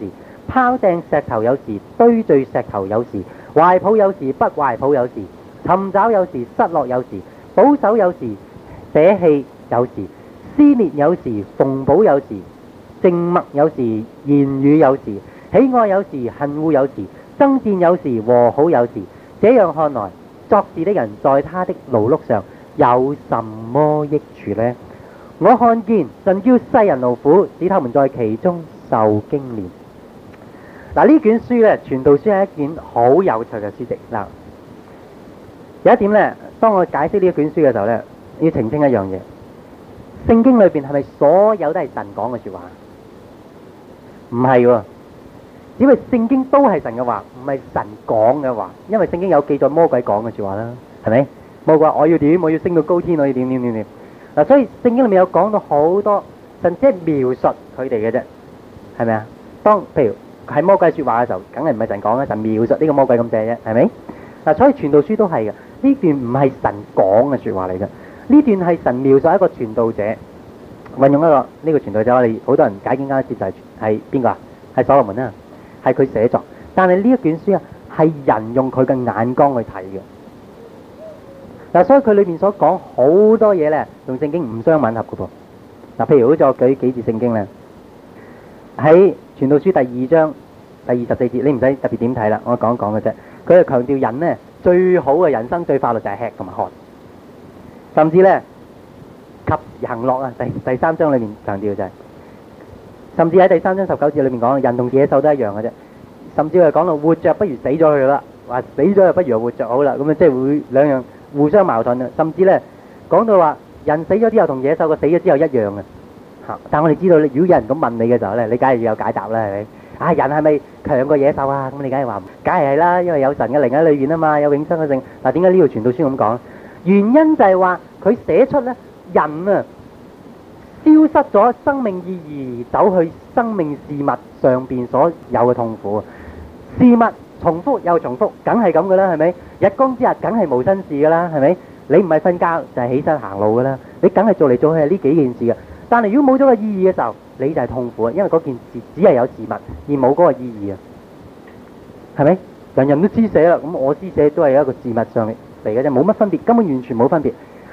Speaker 1: 拋掟石頭有時，堆聚石頭有時。懷抱有時，不懷抱有時，尋找有時，失落有時，保守有時，捨棄有時，撕裂有時，縫補有時，靜默有時，言語有時，喜愛有時，恨惡有時，爭戰有時，和好有時。這樣看來，作事的人在他的勞碌上有什麼益處呢？我看見神叫世人勞苦，使他們在其中受經練。嗱，呢卷書咧，傳道書係一件好有趣嘅書籍。嗱，有一點咧，當我解釋呢一卷書嘅時候咧，要澄清一樣嘢：聖經裏邊係咪所有都係神講嘅説話？唔係喎，因為聖經都係神嘅話，唔係神講嘅話。因為聖經有記載魔鬼講嘅説話啦，係咪？冇話我要點？我要升到高天，我要點點點點。嗱，所以聖經裡面有講到好多甚至係描述佢哋嘅啫，係咪啊？當譬如。喺魔鬼說話嘅時候，梗係唔係神講啦，神描述呢個魔鬼咁正啫，係咪？嗱，所以傳道書都係嘅，呢段唔係神講嘅說話嚟嘅。呢段係神描述一個傳道者，運用一個呢、這個傳道者，我哋好多人解經嘅節就係係邊個啊？係所羅門啊，係佢寫作，但係呢一卷書啊，係人用佢嘅眼光去睇嘅。嗱，所以佢裏面所講好多嘢咧，同聖經唔相吻合嘅噃。嗱，譬如好似我再舉幾節聖經咧，喺傳道書第二章。第二十四節，你唔使特別點睇啦，我講一講嘅啫。佢係強調人呢最好嘅人生最快樂就係吃同埋喝，甚至呢及行樂啊！第第三章裏面強調就係，甚至喺第三章十九節裏面講，人同野獸都一樣嘅啫。甚至佢講到活着不如死咗佢啦，話死咗就不如活著好啦，咁啊即係會兩樣互相矛盾啦。甚至呢講到話人死咗之後同野獸個死咗之後一樣嘅。嚇，但我哋知道，如果有人咁問你嘅時候呢，你梗係要有解答啦，係咪？啊！人係咪強過野獸啊？咁你梗係話，梗係係啦，因為有神嘅靈喺裏邊啊嘛，有永生嘅性。嗱，點解呢條傳道書咁講？原因就係話佢寫出咧，人啊消失咗生命意義，走去生命事物上邊所有嘅痛苦啊！事物重複又重複，梗係咁噶啦，係咪？日光之下，梗係無新事噶啦，係咪？你唔係瞓覺就係起身行路噶啦，你梗係做嚟做去係呢幾件事嘅。但係如果冇咗個意義嘅時候，你就係痛苦啊！因為嗰件事只係有事物而冇嗰個意義啊，係咪？人人都知寫啦，咁我知寫都係一個字物上嚟嘅啫，冇乜分別，根本完全冇分別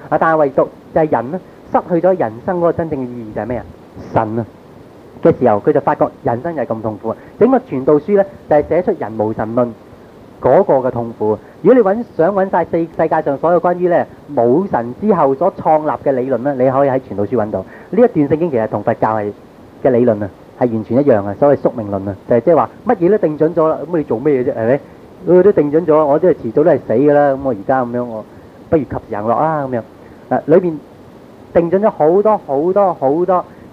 Speaker 1: 啊！但係唯獨就係人咧，失去咗人生嗰個真正嘅意義就係咩啊？神啊嘅時候，佢就發覺人生就係咁痛苦啊！整個傳道書咧就係寫出人無神論嗰個嘅痛苦。如果你想揾曬世界上所有關於咧無神之後所創立嘅理論咧，你可以喺傳道書揾到。呢一段聖經其實同佛教係嘅理論啊，係完全一樣嘅。所謂宿命論啊，就係即係話乜嘢都定準咗啦，咁你做咩嘢啫？係咪？佢都定準咗，我都遲早都係死㗎啦。咁我而家咁樣，我不如及時行樂啊咁樣。嗱、啊，裏邊定準咗好多好多好多，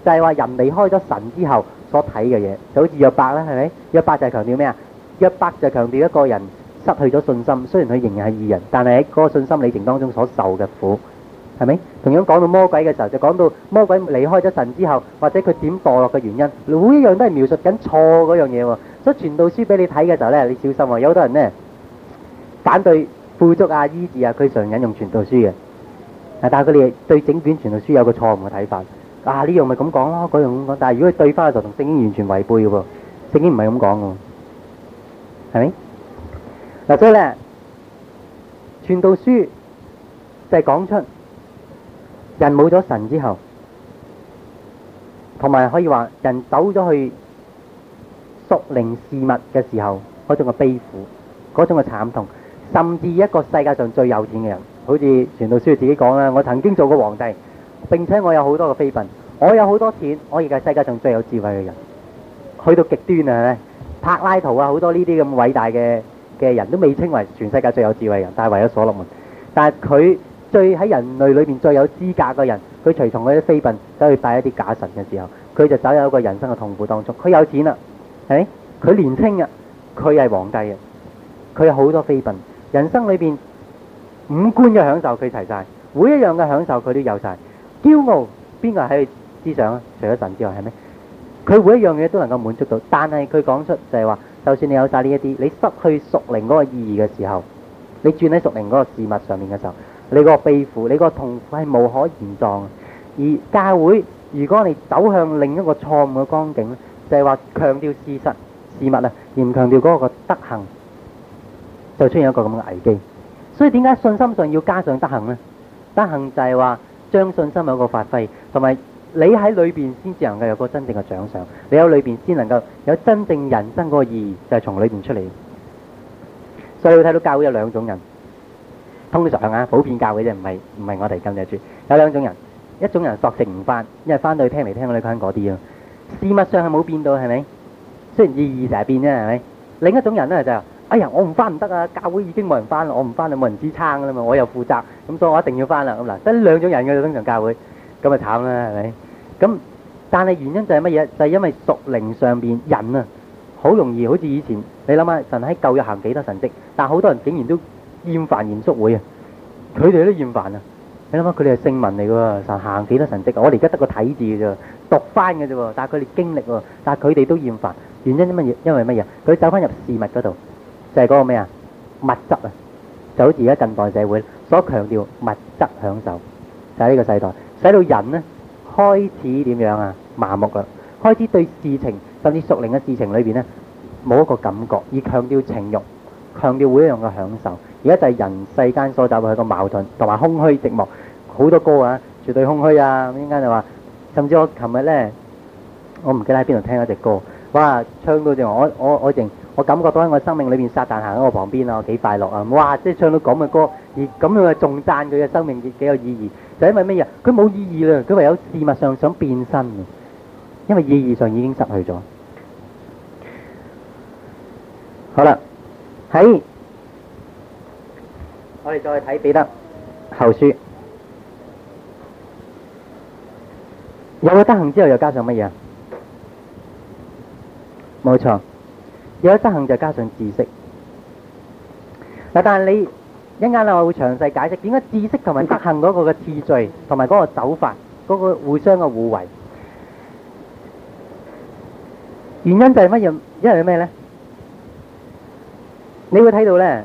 Speaker 1: 就係話人離開咗神之後所睇嘅嘢，就好似約伯啦，係咪？約伯就係強調咩啊？一百就強調一個人失去咗信心，雖然佢仍然係異人，但係喺嗰個信心里程當中所受嘅苦，係咪？同樣講到魔鬼嘅時候，就講到魔鬼離開咗神之後，或者佢點墮落嘅原因，每一樣都係描述緊錯嗰樣嘢喎。所以傳道書俾你睇嘅時候咧，你小心喎，有好多人咧反對富足啊、醫治啊，佢常引用傳道書嘅，但係佢哋對整卷傳道書有個錯誤嘅睇法，啊呢樣咪咁講咯，嗰樣咁講，但係如果對翻嘅時候，同聖經完全違背嘅喎，聖經唔係咁講嘅。嗱，所以咧，《傳道書》就係講出人冇咗神之後，同埋可以話人走咗去索靈事物嘅時候，嗰種嘅悲苦，嗰種嘅慘痛，甚至一個世界上最有錢嘅人，好似傳道書自己講啦，我曾經做過皇帝，並且我有好多嘅妃嬪，我有好多錢，我而家世界上最有智慧嘅人，去到極端啊！是柏拉圖啊，好多呢啲咁偉大嘅嘅人都未稱為全世界最有智慧人，但係為咗所羅門。但係佢最喺人類裏面最有資格嘅人，佢隨從嗰啲妃嬪走去拜一啲假神嘅時候，佢就走入一個人生嘅痛苦當中。佢有錢啦，啊，誒，佢年輕啊，佢係皇帝啊，佢有好多妃嬪，人生裏邊五官嘅享受佢齊晒，每一樣嘅享受佢都有晒。驕傲，邊個喺佢之上啊？除咗神之外係咩？佢每一樣嘢都能夠滿足到，但係佢講出就係話，就算你有晒呢一啲，你失去屬靈嗰個意義嘅時候，你轉喺屬靈嗰個事物上面嘅時候，你個悲苦、你個痛苦係無可言狀嘅。而教會如果你走向另一個錯誤嘅光景，就係話強調事實、事物啊，而唔強調嗰個德行，就出現一個咁嘅危機。所以點解信心上要加上德行呢？德行就係話將信心有個發揮同埋。你喺裏邊先至能夠有個真正嘅獎賞，你喺裏邊先能夠有真正人生嗰個意義，就係、是、從裏邊出嚟。所以睇到教會有兩種人，通常啊，普遍教會啫，唔係唔係我哋今日住。有兩種人，一種人索性唔翻，因為翻到去聽嚟聽去都係講嗰啲啊，事物上係冇變到，係咪？雖然意義成日變啫，係咪？另一種人咧就是，哎呀，我唔翻唔得啊，教會已經冇人翻，我唔翻就冇人支撐噶啦嘛，我又負責，咁所以我一定要翻啦。咁嗱，得兩種人嘅通常教會，咁啊慘啦，係咪？咁，但係原因就係乜嘢？就係、是、因為屬靈上邊人啊，好容易好似以前，你諗下神喺舊約行幾多神蹟，但好多人竟然都厭煩厭縮會啊，佢哋都厭煩啊！你諗下佢哋係聖文嚟嘅喎，行神行幾多神蹟啊。我哋而家得個睇字嘅啫，讀翻嘅啫喎，但係佢哋經歷喎，但係佢哋都厭煩。原因係乜嘢？因為乜嘢？佢走翻入事物嗰度，就係、是、嗰個咩啊？物質啊，就好似而家近代社會所強調物質享受，就係、是、呢個世代，使到人呢。開始點樣啊？麻木啦，開始對事情甚至熟齡嘅事情裏邊呢，冇一個感覺，而強調情慾，強調每一樣嘅享受。而家就係人世間所習慣嘅矛盾同埋空虛寂寞，好多歌啊，絕對空虛啊！咁陣間就話，甚至我琴日呢，我唔記得喺邊度聽一隻歌，哇！唱到我我我就我我我淨。我感覺到喺我生命裏面，撒旦行喺我旁邊咯，我幾快樂啊！哇，即係唱到咁嘅歌，而咁樣啊，仲讚佢嘅生命幾有意義，就因為乜嘢？佢冇意義啦，佢唯有事物上想變身嘅，因為意義上已經失去咗。好啦，喺我哋再睇彼得後書，有咗德行之後，又加上乜嘢啊？冇錯。有得德行就加上知識。嗱，但係你一陣間咧，我會詳細解釋點解知識同埋德行嗰個嘅次序同埋嗰個走法嗰個互相嘅互為。原因就係乜嘢？因為咩咧？你會睇到咧，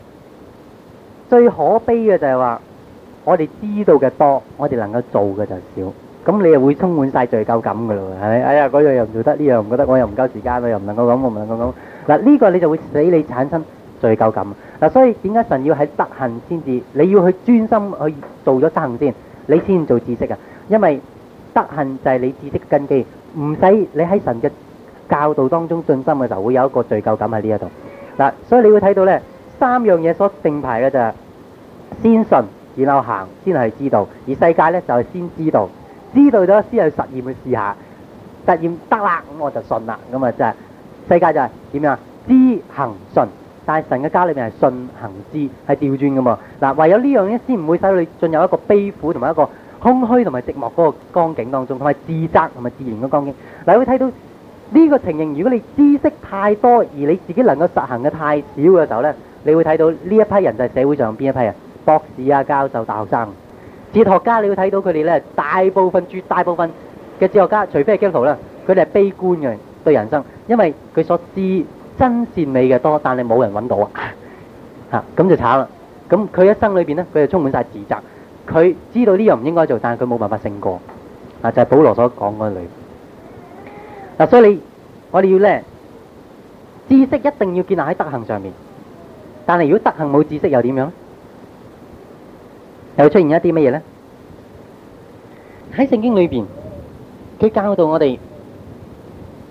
Speaker 1: 最可悲嘅就係話，我哋知道嘅多，我哋能夠做嘅就少。咁你又會充滿曬罪疚感嘅咯。係咪？哎呀，嗰樣又唔做得，呢樣唔覺得，我又唔夠時間，我又唔能夠咁，我唔能夠咁。嗱，呢個你就會使你產生罪疚感。嗱，所以點解神要喺德行先至？你要去專心去做咗德行先，你先做知識啊！因為德行就係你知識嘅根基。唔使你喺神嘅教導當中信心嘅時候，會有一個罪疚感喺呢一度。嗱，所以你會睇到咧，三樣嘢所定排嘅就係先信，然後行先係知道。而世界咧就係先知道，知道咗先去實驗去試下。實驗得啦，咁我就信啦。咁啊真係。世界就係點樣？知行神，但係神嘅家裏面係信行知，係調轉嘅嘛。嗱，唯有呢樣嘢先唔會使到你進入一個悲苦同埋一個空虛同埋寂寞嗰個光景當中，同埋自責同埋自然嘅光景。嗱，會睇到呢個情形，如果你知識太多而你自己能夠實行嘅太少嘅時候咧，你會睇到呢一批人就係社會上邊一批人，博士啊、教授、大學生、哲學家，你會睇到佢哋咧大部分絕大部分嘅哲學家，除非係基 u p t 啦，佢哋係悲觀嘅。對人生，因為佢所知真善美嘅多，但係冇人揾到啊，吓，咁就慘啦。咁佢一生裏邊咧，佢就充滿晒自責。佢知道呢樣唔應該做，但係佢冇辦法勝過啊，就係保羅所講嗰類。嗱，所以你我哋要咧，知識一定要建立喺德行上面。但係如果德行冇知識又點樣咧？又出現一啲乜嘢咧？喺聖經裏邊，佢教導我哋。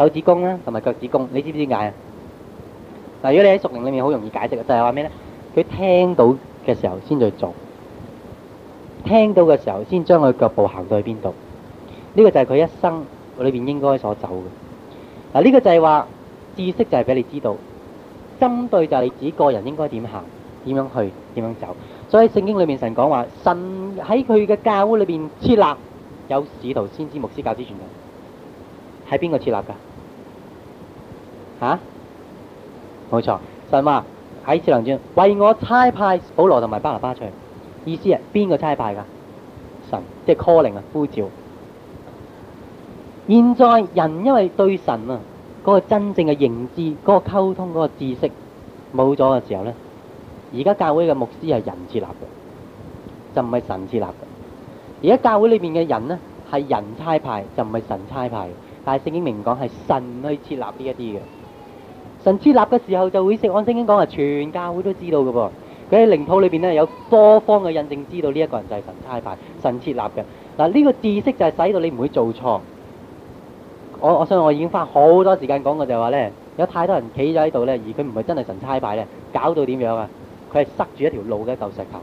Speaker 1: 手指公啦，同埋腳趾公，你知唔知解啊？嗱，如果你喺熟人裏面好容易解釋嘅，就係話咩咧？佢聽到嘅時候先去做，聽到嘅時候先將佢腳步行到去邊度。呢個就係佢一生裏邊應該所走嘅。嗱，呢個就係話知識就係俾你知道，針對就係你指個人應該點行、點樣去、點樣走。所以聖經裏面神講話，神喺佢嘅教會裏邊設立有使徒先知、牧師、教之傳統，係邊個設立噶？嚇，冇、啊、錯。神話喺《使徒行傳》為我差派保羅同埋巴拿巴出去，意思係邊個差派㗎？神，即係 calling 啊，呼召。現在人因為對神啊嗰、那個真正嘅認知、嗰、那個溝通、嗰、那個知識冇咗嘅時候咧，而家教會嘅牧師係人設立嘅，就唔係神設立嘅。而家教會裏面嘅人呢，係人差派，就唔係神差派。但係聖經明講係神去設立呢一啲嘅。神設立嘅時候就會識，按聖經講啊，全教會都知道噶噃。喺靈鋪裏邊咧，有多方嘅印證，知道呢一個人就係神差派、神設立嘅。嗱，呢個知識就係使到你唔會做錯。我我相信我已經花好多時間講過，就係話咧，有太多人企咗喺度咧，而佢唔係真係神差派咧，搞到點樣啊？佢係塞住一條路嘅舊石頭。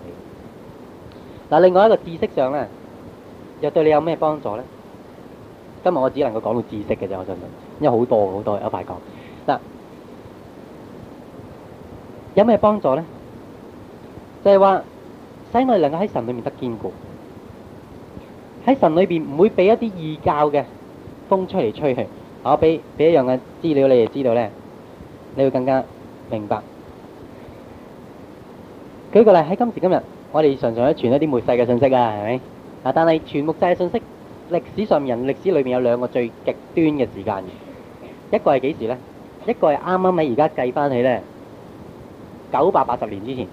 Speaker 1: 嗱，另外一個知識上咧，又對你有咩幫助咧？今日我只能夠講到知識嘅啫，我相信，因為好多好多有排講嗱。有咩幫助咧？就係話，使我哋能夠喺神裏面得堅固。喺神裏邊唔會俾一啲異教嘅風吹嚟吹去。我俾俾一樣嘅資料，你哋知道咧，你會更加明白。舉個例，喺今時今日，我哋常常都傳一啲末世嘅信息啊，係咪？啊，但係傳末世嘅信息，歷史上面人歷史裏面有兩個最極端嘅時間。一個係幾時咧？一個係啱啱喺而家計返起咧。九百八十年之前，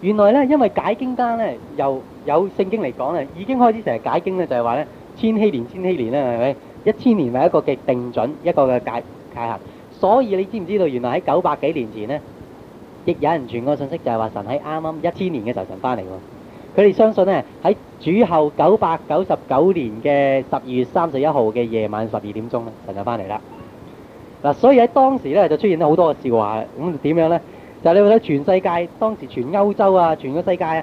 Speaker 1: 原來咧，因為解經單咧，有有聖經嚟講咧，已經開始成日解經咧，就係話咧，千禧年千禧年啦，係咪？一千年係一個嘅定準，一個嘅界界限。所以你知唔知道？原來喺九百幾年前咧，亦有人傳個信息，就係話神喺啱啱一千年嘅時候神翻嚟喎。佢哋相信咧，喺主後九百九十九年嘅十二月三十一號嘅夜晚十二點鐘咧，神就翻嚟啦。嗱，所以喺當時咧就出現咗好多嘅笑話，咁點樣咧？就係你睇，全世界，當時全歐洲啊，全個世界，啊，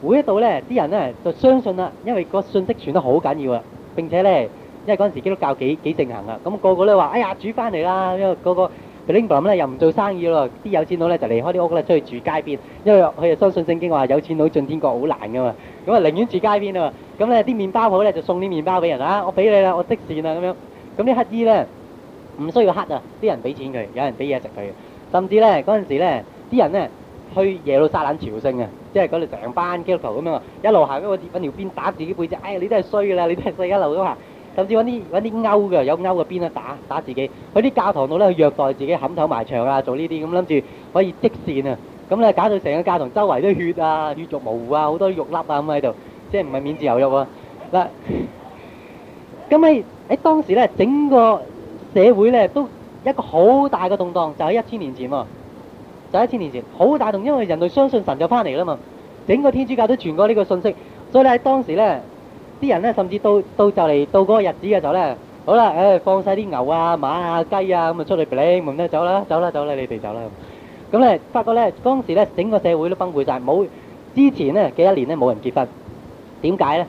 Speaker 1: 每一度咧，啲人咧就相信啦，因為個訊息傳得好緊要啊。並且咧，因為嗰陣時基督教幾幾盛行啊，咁個個都話：哎呀，主翻嚟啦！因為個個又唔做生意咯，啲有錢佬咧就離開啲屋咧出去住街邊，因為佢又相信聖經話有錢佬進天國好難噶嘛，咁啊寧願住街邊啊嘛。咁咧啲麵包鋪咧就送啲麵包俾人啊，我俾你啦，我即時啊咁樣。咁啲乞衣咧唔需要乞啊，啲人俾錢佢，有人俾嘢食佢。甚至咧嗰陣時咧，啲人咧去耶路撒冷朝聖啊，即係嗰度成班基督徒咁樣啊，一路行，一路跌揾條鞭打自己背脊，哎呀你真係衰噶啦，你真係衰啊，一路都行，甚至揾啲揾啲鈎噶，有鈎嘅鞭啊打打自己，去啲教堂度咧虐待自己，冚頭埋牆啊，做呢啲咁諗住可以積善啊，咁咧搞到成個教堂周圍都血啊，血肉模糊啊，好多肉粒啊咁喺度，即係唔係免治牛肉喎嗱，咁咪喺當時咧整個社會咧都。一個好大嘅動盪就喺一千年前啊！就喺一千年前，好大動，因為人類相信神就翻嚟啦嘛。整個天主教都傳過呢個信息，所以咧喺當時咧，啲人咧甚至到到就嚟到嗰個日子嘅時候咧，好啦，誒、哎、放晒啲牛啊、馬啊、雞啊咁啊出嚟畀你，咁咧走啦，走啦，走啦，你哋走啦。咁咧發覺咧當時咧整個社會都崩潰晒，冇之前咧幾一年咧冇人結婚，點解咧？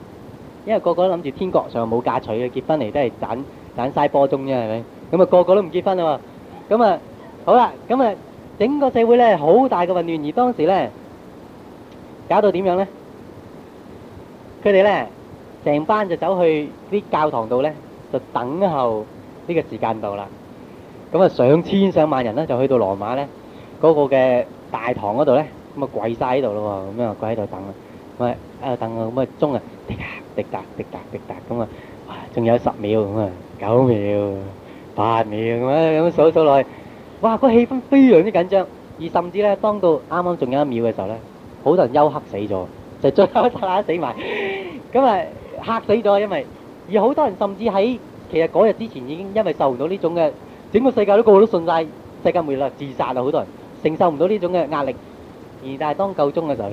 Speaker 1: 因為個個都諗住天國上冇嫁娶嘅，結婚嚟都係揀揀曬波鐘啫，係咪？咁啊，個個都唔結婚啊嘛。咁啊，好啦，咁啊，整個社會咧好大嘅混亂。而當時咧，搞到點樣咧？佢哋咧成班就走去啲教堂度咧，就等候呢個時間到啦。咁啊，上千上萬人咧就去到羅馬咧嗰個嘅大堂嗰度咧，咁啊跪曬喺度咯喎，咁樣跪喺度等啊，咁啊喺度等啊，咁啊鐘啊滴達滴達滴達滴達咁啊，哇！仲有十秒咁啊！九秒、八秒咁啊，咁數數落去，哇！嗰氣氛非常之緊張，而甚至咧，當到啱啱仲有一秒嘅時候咧，好多人休克死咗，就最後一剎那死埋，咁啊嚇死咗，因為而好多人甚至喺其實嗰日之前已經因為受唔到呢種嘅，整個世界都個個都信曬世界末日，自殺啊！好多人承受唔到呢種嘅壓力，而但係當夠鐘嘅時候，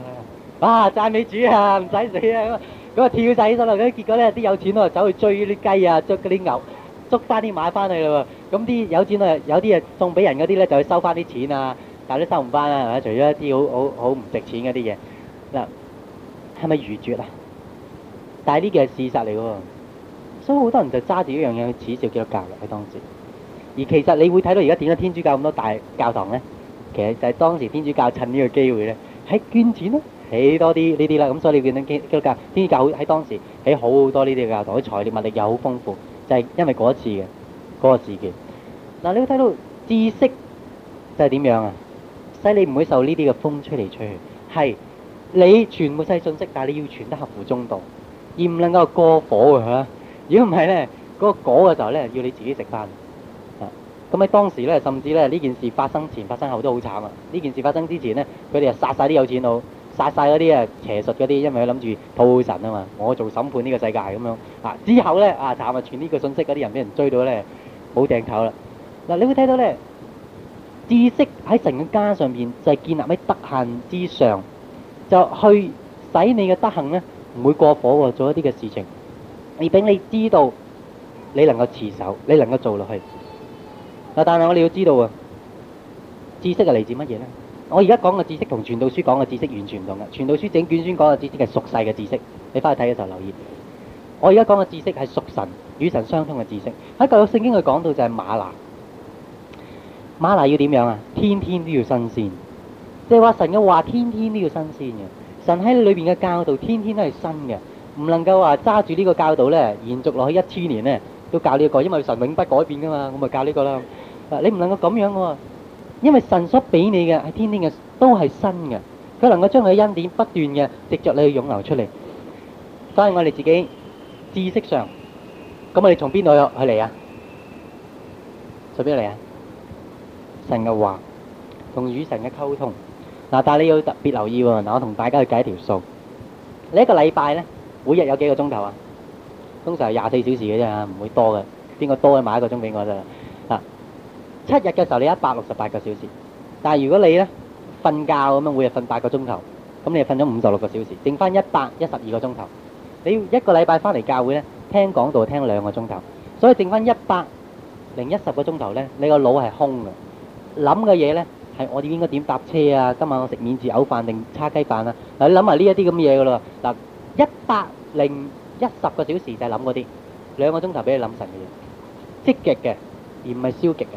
Speaker 1: 啊！啊！讚美主啊！唔使死啊！咁啊跳曬起身啦！咁結果咧啲有錢佬走去追啲雞啊，捉嗰啲牛，捉翻啲馬翻去咯喎！咁啲有錢佬有啲啊送俾人嗰啲咧就去收翻啲錢啊，但係都收唔翻啦，係咪？除咗一啲好好好唔值錢嗰啲嘢嗱，係咪餘絕啊？但係呢件係事實嚟嘅喎，所以好多人就揸住一樣嘢去恥笑叫做教喺當時。而其實你會睇到而家點解天主教咁多大教堂咧？其實就係當時天主教趁呢個機會咧，係捐錢咯。起多啲呢啲啦，咁所以你見到基基督教喺當時起好多呢啲教堂，啲財力物力又好豐富，就係、是、因為嗰一次嘅嗰、嗰個事件。嗱，你會睇到知識就係點樣啊？使你唔會受呢啲嘅風吹嚟吹去，係你傳冇晒信息，但係你要傳得合乎中道，而唔能夠過火㗎。如果唔係咧，嗰、嗰個果嘅時候咧，要你自己食翻啊。咁喺當時咧，甚至咧呢件事發生前、發生後都好慘啊！呢件事發生之前咧，佢哋就殺晒啲有錢佬。殺曬嗰啲啊邪術嗰啲，因為佢諗住套神啊嘛。我做審判呢個世界咁樣啊。之後咧啊，就係傳呢個信息嗰啲人俾人追到咧，冇掟頭啦。嗱，你會睇到咧，知識喺神嘅家上邊就係建立喺德行之上，就去使你嘅德行咧唔會過火喎，做一啲嘅事情，而俾你知道你能夠持守，你能夠做落去。啊，但係我哋要知道啊，知識係嚟自乜嘢咧？我而家講嘅知識同傳道書講嘅知識完全唔同嘅，傳道書整卷書講嘅知識係屬世嘅知識，你翻去睇嘅時候留意。我而家講嘅知識係屬神與神相通嘅知識，喺舊約聖經佢講到就係馬拿，馬拿要點樣啊？天天都要新鮮，即係話神嘅話天天都要新鮮嘅，神喺裏邊嘅教導天天都係新嘅，唔能夠話揸住呢個教導咧延續落去一千年咧都教呢個，因為神永不改變噶嘛，我咪教呢個啦。你唔能夠咁樣喎。因為神所俾你嘅係天天嘅都係新嘅，佢能夠將佢嘅恩典不斷嘅藉著你去湧流出嚟。所以我哋自己知識上，咁我哋從邊度去嚟啊？從邊度嚟啊？神嘅話，同與神嘅溝通。嗱，但係你要特別留意喎。嗱，我同大家去計條數，你一個禮拜咧，每日有幾個鐘頭啊？通常係廿四小時嘅啫嚇，唔會多嘅。邊個多嘅買一個鐘俾我得啦。七日嘅時候，你一百六十八個小時。但係如果你呢，瞓覺咁樣，每日瞓八個鐘頭，咁你瞓咗五十六個小時，剩翻一百一十二個鐘頭。你要一個禮拜返嚟教會呢，聽講道聽兩個鐘頭，所以剩翻一百零一十個鐘頭呢，你個腦係空嘅，諗嘅嘢呢係我哋應該點搭車啊？今晚我食免治藕飯定叉雞飯啊？嗱，你諗埋呢一啲咁嘅嘢㗎啦。嗱，一百零一十個小時就係諗嗰啲，兩個鐘頭俾你諗神嘅嘢，積極嘅而唔係消極嘅。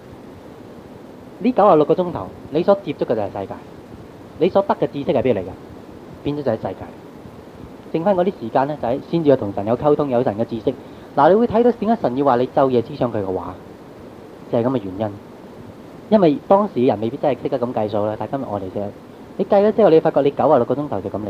Speaker 1: 呢九啊六個鐘頭，你所接觸嘅就係世界，你所得嘅知識係邊嚟嘅？變咗就係世界，剩翻嗰啲時間咧就喺先至要同神有溝通，有神嘅知識。嗱，你會睇到點解神要話你晝夜思想佢嘅話，就係咁嘅原因。因為當時人未必真係識得咁計數啦，但係今日我哋啫。你計咗之後，你會發覺你九啊六個鐘頭就咁嚟。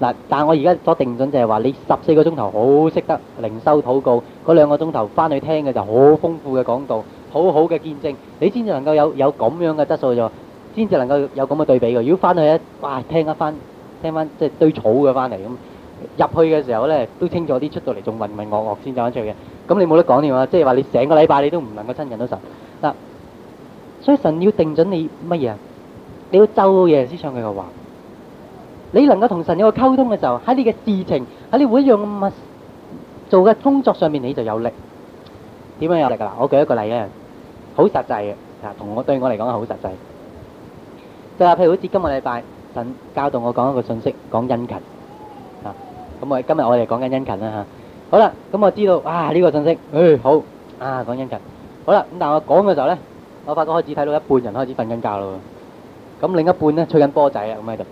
Speaker 1: 嗱，但係我而家所定準就係話，你十四個鐘頭好識得靈修禱告，嗰兩個鐘頭翻去聽嘅就好豐富嘅講道。好好嘅見證，你先至能夠有有咁樣嘅質素就，先至能夠有咁嘅對比嘅。如果翻去一，哇，聽一翻聽翻即係堆草嘅翻嚟咁，入去嘅時候咧都清楚啲，出到嚟仲混混噩噩先走翻出嘅。咁你冇得講添啊！即係話你成個禮拜你都唔能夠親近到神嗱，所以神要定准你乜嘢啊？你要晝夜思想佢嘅話，你能夠同神有個溝通嘅時候，喺你嘅事情，喺你會用乜做嘅工作上面你就有力。點樣有力㗎啦？我舉一個例啊，好實際嘅啊，同我對我嚟講好實際。就係譬如好似今個禮拜神教導我講一個信息，講殷勤啊。咁我今日我哋講緊殷勤啦嚇。好啦，咁我知道啊呢個信息，誒好啊講殷勤。好啦，咁但係我講嘅時候咧，我發覺開始睇到一半人開始瞓緊覺咯，咁另一半咧吹緊波仔啊咁喺度，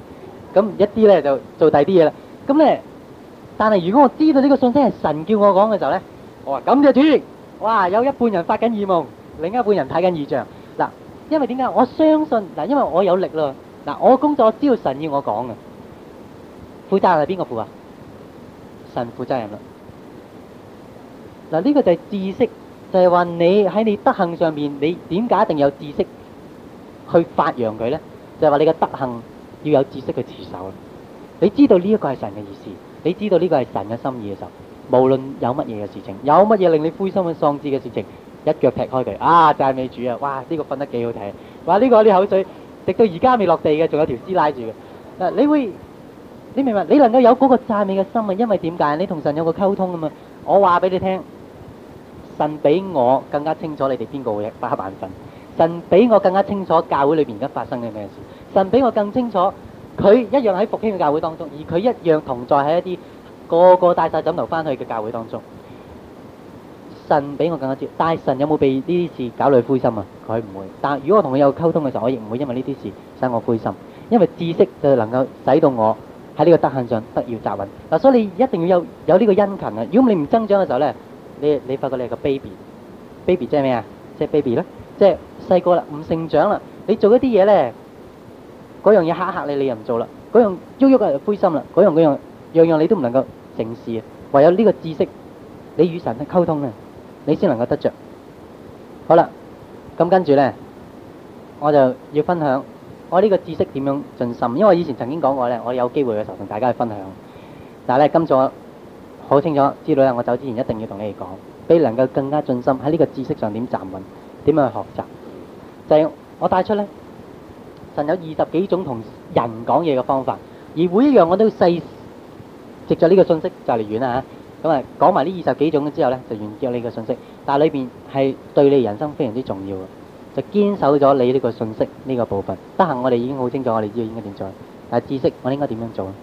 Speaker 1: 咁一啲咧就做第二啲嘢啦。咁咧，但係如果我知道呢個信息係神叫我講嘅時候咧，我話咁就主。哇！有一半人發緊異夢，另一半人睇緊異象。嗱，因為點解？我相信嗱，因為我有力咯。嗱，我工作只要神要我講嘅，負責任係邊個負啊？神負責任啦。嗱，呢、這個就係知識，就係、是、話你喺你德行上面，你點解一定要有知識去發揚佢咧？就係、是、話你嘅德行要有知識去持守。你知道呢一個係神嘅意思，你知道呢個係神嘅心意嘅時候。無論有乜嘢嘅事情，有乜嘢令你灰心嘅喪志嘅事情，一腳踢開佢。啊，讚美主啊！哇，呢個瞓得幾好睇。哇，呢個啲口水，直到而家未落地嘅，仲有條絲拉住嘅。嗱，你會，你明白，你能夠有嗰個讚美嘅心啊，因為點解？你同神有個溝通啊嘛。我話俾你聽，神比我更加清楚你哋邊個會打瞌眼瞓。神比我更加清楚教會裏邊而家發生嘅咩事。神比我更清楚，佢一樣喺復興嘅教會當中，而佢一樣同在喺一啲。個個帶晒枕頭翻去嘅教會當中，神比我更加知，但係神有冇被呢啲事搞到灰心啊？佢唔會，但如果我同佢有溝通嘅時候，我亦唔會因為呢啲事使我灰心，因為知識就能夠使到我喺呢個德行上不要雜混嗱，所以你一定要有有呢個殷勤啊！如果你唔增長嘅時候咧，你你發覺你係個 baby，baby 即係咩啊？即係 baby 咧，即係細個啦，唔成長啦，你做一啲嘢咧，嗰樣嘢吓吓你，你又唔做啦，嗰樣郁郁啊，又灰心啦，樣樣。樣樣你都唔能夠正視，唯有呢個知識，你與神嘅溝通咧，你先能夠得着。好啦，咁跟住呢，我就要分享我呢個知識點樣盡心，因為以前曾經講過呢，我有機會嘅時候同大家去分享。但係咧，今次我好清楚，子女啊，我走之前一定要同你哋講，俾能夠更加盡心喺呢個知識上點站穩，點去學習，就係、是、我帶出呢，神有二十幾種同人講嘢嘅方法，而每一樣我都要細。藉著呢個信息就嚟完啦嚇，咁啊講埋呢二十幾種之後咧，就完結呢個信息，但係裏邊係對你人生非常之重要嘅，就堅守咗你呢個信息呢個部分。得閒我哋已經好清楚，我哋知道應該點做。但係知識我哋應該點樣做咧？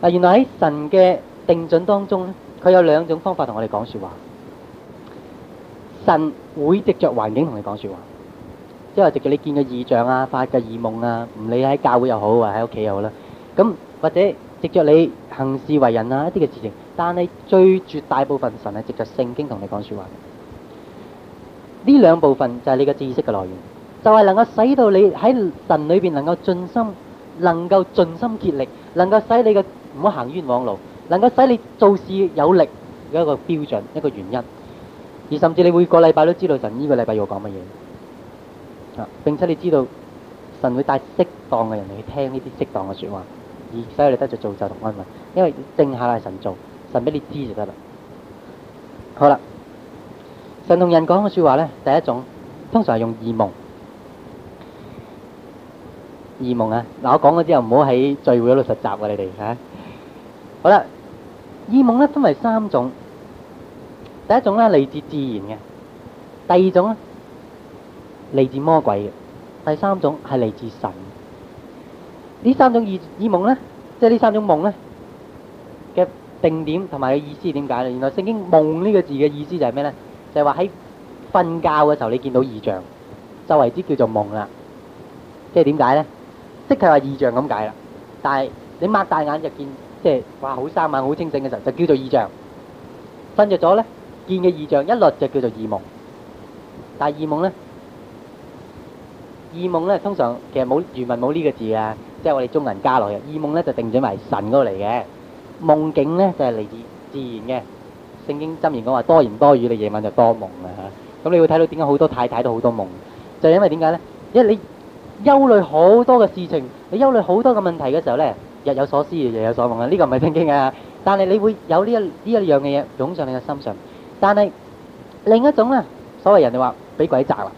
Speaker 1: 嗱，原來喺神嘅定準當中咧，佢有兩種方法同我哋講説話。神會藉著環境同你講説話，即係藉著你見嘅異象啊、發嘅異夢啊，唔理喺教會又好，或喺屋企又好啦。咁或者藉着你行事為人啊一啲嘅事情，但係最絕大部分神係藉着聖經同你講說話。呢兩部分就係你嘅知識嘅來源，就係、是、能夠使到你喺神裏邊能夠盡心，能夠盡心竭力，能夠使你嘅唔好行冤枉路，能夠使你做事有力，嘅一個標準一個原因。而甚至你每個禮拜都知道神呢個禮拜要講乜嘢啊，並且你知道神會帶適當嘅人嚟聽呢啲適當嘅說話。而所有你得着造就同安慰，因為正下係神做，神俾你知就得啦。好啦，神同人講嘅說話咧，第一種通常係用異夢，異夢啊！嗱，我講咗之後唔好喺聚會嗰度實習啊，你哋吓。好啦，異夢咧分為三種，第一種咧嚟自自然嘅，第二種嚟自魔鬼嘅，第三種係嚟自神。呢三種異異夢咧，即係呢三種夢咧嘅定點同埋嘅意思點解咧？原來聖經夢呢個字嘅意思就係咩咧？就係話喺瞓覺嘅時候你見到異象，就為之叫做夢啦。即係點解咧？即係話異象咁解啦。但係你擘大眼就見，即係話好生猛、好清醒嘅時候就叫做異象。瞓著咗咧，見嘅異象一律就叫做異夢。但係異夢咧，異夢咧通常其實冇原文冇呢個字嘅。即係我哋中人加落去，異夢咧就定準係神嗰度嚟嘅，夢境咧就係嚟自自然嘅。聖經箴言講話多言多語，你夜晚就多夢啊嚇。咁你會睇到點解好多太太都好多夢，就因為點解咧？因為你憂慮好多嘅事情，你憂慮好多嘅問題嘅時候咧，日有所思，夜有所夢啊！呢個唔係正經啊，但係你會有呢一呢一樣嘅嘢湧上你嘅心上。但係另一種啊，所謂人哋話俾鬼責啦，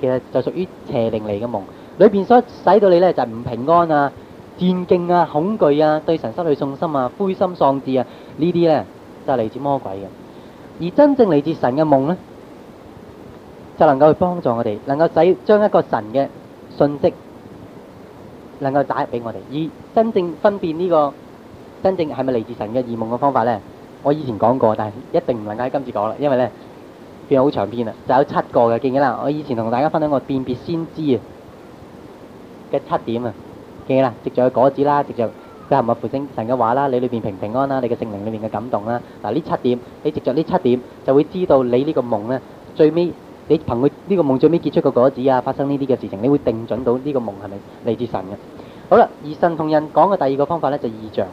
Speaker 1: 其實就屬於邪靈嚟嘅夢。裏邊所使到你咧就係、是、唔平安啊、戰兢啊、恐懼啊、對神失去信心啊、灰心喪志啊，呢啲咧就嚟、是、自魔鬼嘅。而真正嚟自神嘅夢咧，就能夠去幫助我哋，能夠使將一個神嘅訊息能夠打入俾我哋。而真正分辨呢、這個真正係咪嚟自神嘅異夢嘅方法咧，我以前講過，但係一定唔能夠喺今次講啦，因為咧變好長篇啦，就有七個嘅。記唔記得？我以前同大家分享過辨別先知啊。嘅七點啊，記住啦，藉著個果子啦，藉著佢係咪附聖神嘅話啦，你裏邊平平安啦，你嘅聖靈裏邊嘅感動啦，嗱呢七點，你藉著呢七點，就會知道你呢個夢咧，最尾你憑佢呢個夢最尾結出個果子啊，發生呢啲嘅事情，你會定準到呢個夢係咪嚟自神嘅？好啦，而神同人講嘅第二個方法咧就異象，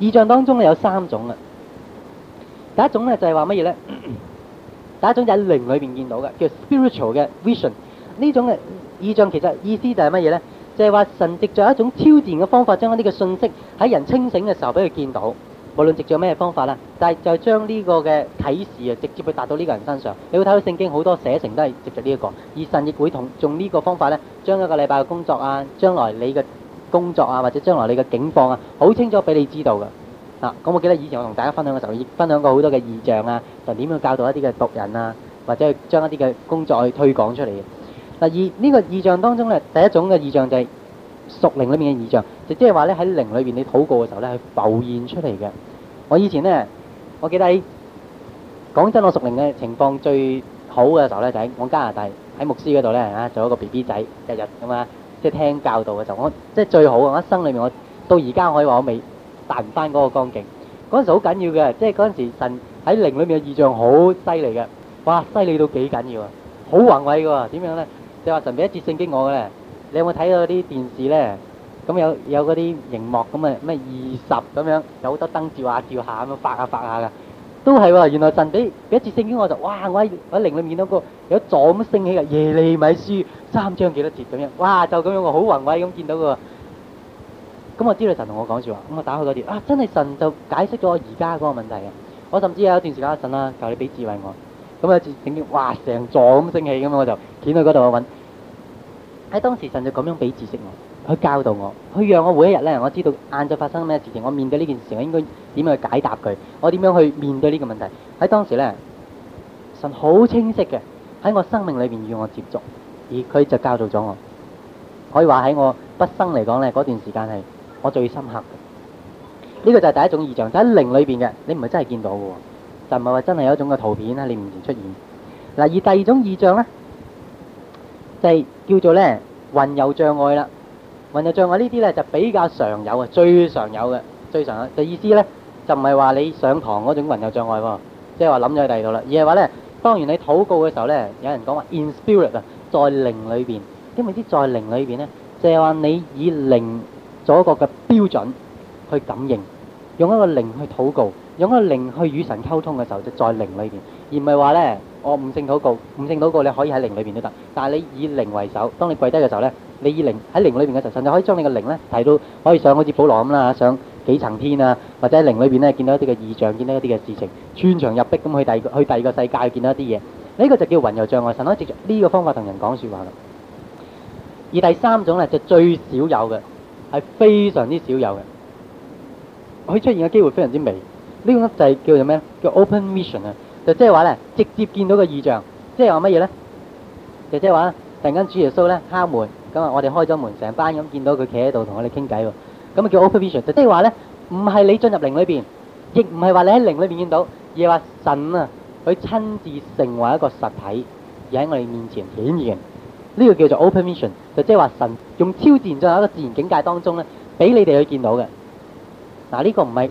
Speaker 1: 異象當中咧有三種啊，第一種咧就係話乜嘢咧？第一種就係靈裏邊見到嘅，叫 spiritual 嘅 vision，呢種嘅。意象其實意思就係乜嘢呢？就係、是、話神藉着一種超自然嘅方法，將一啲嘅信息喺人清醒嘅時候俾佢見到。無論藉着咩方法啦，但係就係將呢個嘅啟示啊，直接去達到呢個人身上。你會睇到聖經好多寫成都係藉着呢一個，而神亦會同用呢個方法呢，將一個禮拜嘅工作啊，將來你嘅工作啊，或者將來你嘅境況啊，好清楚俾你知道嘅。嗱、啊，咁我記得以前我同大家分享嘅時候，亦分享過好多嘅意象啊，就點樣教導一啲嘅讀人啊，或者去將一啲嘅工作去推廣出嚟嘅。嗱，意呢個意象當中咧，第一種嘅意象就係屬靈裏面嘅意象，就即係話咧，喺靈裏邊你禱告嘅時候咧，係浮現出嚟嘅。我以前咧，我記得喺講真，我屬靈嘅情況最好嘅時候咧，就喺、是、我加拿大喺牧師嗰度咧，嚇做一個 B B 仔，日日咁啊，即係聽教導嘅時候，我即係最好，我一生裏面，我到而家我可以話我未彈唔翻嗰個光景。嗰陣時好緊要嘅，即係嗰陣時神喺靈裏面嘅意象好犀利嘅，哇，犀利到幾緊要啊，好宏偉嘅喎，點樣咧？你話神俾一節聖經我嘅咧，你有冇睇到啲電視咧？咁有有嗰啲熒幕咁啊，咩二十咁樣，有好多燈照下照下咁樣發下發下噶，都係喎。原來神俾俾一節聖經我就，哇！我喺我喺靈裏面見到個有座咁升起嘅耶利米書三章幾多節咁樣，哇！就咁樣個好宏偉咁見到個，咁我知道神同我講住話，咁我打開個碟，啊！真係神就解釋咗我而家嗰個問題嘅。我甚至有一段時間一陣啦，求你俾智慧我。咁啊、嗯，整件哇成座咁升起咁我就揀去嗰度我揾。喺當時神就咁樣俾知識我，佢教導我，佢讓我每一日咧，我知道晏晝發生咩事情，我面對呢件事時，我應該點樣去解答佢，我點樣去面對呢個問題。喺當時咧，神好清晰嘅，喺我生命裏邊與我接觸，而佢就教導咗我。可以話喺我畢生嚟講咧，嗰段時間係我最深刻嘅。呢、這個就係第一種異象，就喺、是、靈裏邊嘅，你唔係真係見到嘅喎。就唔係話真係有一種嘅圖片喺你面前出現。嗱，而第二種異象咧，就係叫做咧魂有障礙啦。魂有障礙呢啲咧就比較常有啊，最常有嘅，最常有。嘅意思咧就唔係話你上堂嗰種魂有障礙喎，即係話諗咗第二度啦，而係話咧，當完你禱告嘅時候咧，有人講話 in spirit 啊，在靈裏邊，點未知在靈裏邊咧，就係話你以靈做一個嘅標準去感應，用一個靈去禱告，用個靈去與神溝通嘅時候，就喺靈裏邊，而唔係話呢，我唔聖禱告，唔聖禱告你可以喺靈裏邊都得。但係你以靈為首，當你跪低嘅時候呢，你以靈喺靈裏邊嘅時候，甚至可以將你嘅靈呢提到，可以上好似保羅咁啦，上幾層天啊，或者喺靈裏邊呢見到一啲嘅異象，見到一啲嘅事情，穿牆入壁咁去第二個去第二個世界見到一啲嘢。呢、這個就叫雲遊障礙神，可直藉呢個方法同人講說話啦。而第三種呢，就最少有嘅，係非常之少有嘅，佢出現嘅機會非常之微。呢個就係叫做咩？叫 open mission 啊！就即係話咧，直接見到個異象，即係話乜嘢咧？就即係話突然間主耶穌咧敲門，咁、嗯、啊，我哋開咗門，成班咁見到佢企喺度同我哋傾偈喎。咁、嗯、啊叫 open mission 就即係話咧，唔係你進入靈裏邊，亦唔係話你喺靈裏邊見到，而係話神啊，佢親自成為一個實體，而喺我哋面前顯現。呢、這個叫做 open mission 就即係話神用超自然進入一個自然境界當中咧，俾你哋去見到嘅。嗱，呢個唔係。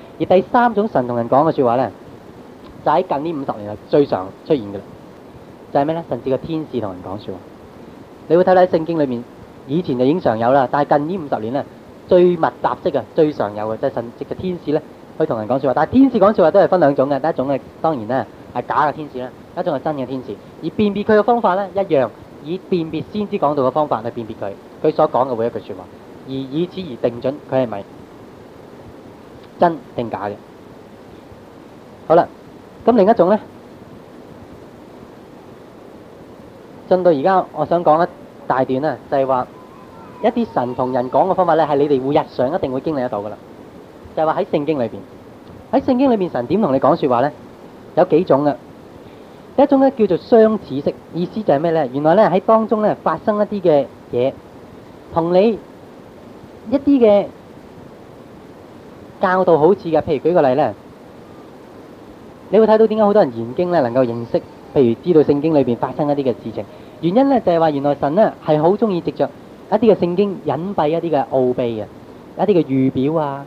Speaker 1: 而第三種神同人講嘅説話呢，就喺近呢五十年係最常出現嘅，就係咩呢？甚至個天使同人講説話，你會睇睇聖經裏面以前就已經常有啦，但係近呢五十年呢，最密集式嘅、最常有嘅，甚至個天使呢，去同人講説話。但係天使講説話都係分兩種嘅，第一種係當然呢，係假嘅天使啦，一種係真嘅天使。而辨別佢嘅方法呢，一樣，以辨別先知講道嘅方法去辨別佢，佢所講嘅每一句説話，而以此而定準佢係咪真定假嘅，好啦，咁另一種咧，進到而家，我想講一大段啊，就係話一啲神同人講嘅方法咧，係你哋會日常一定會經歷得到噶啦，就係話喺聖經裏邊，喺聖經裏邊神點同你講説話咧，有幾種噶，一種咧，叫做相似式，意思就係咩咧？原來咧，喺當中咧，發生一啲嘅嘢，同你一啲嘅。教導好似嘅，譬如舉個例呢，你會睇到點解好多人研經呢能夠認識，譬如知道聖經裏邊發生一啲嘅事情，原因呢，就係話原來神呢係好中意藉着一啲嘅聖經隱蔽一啲嘅奧秘嘅，一啲嘅預表啊，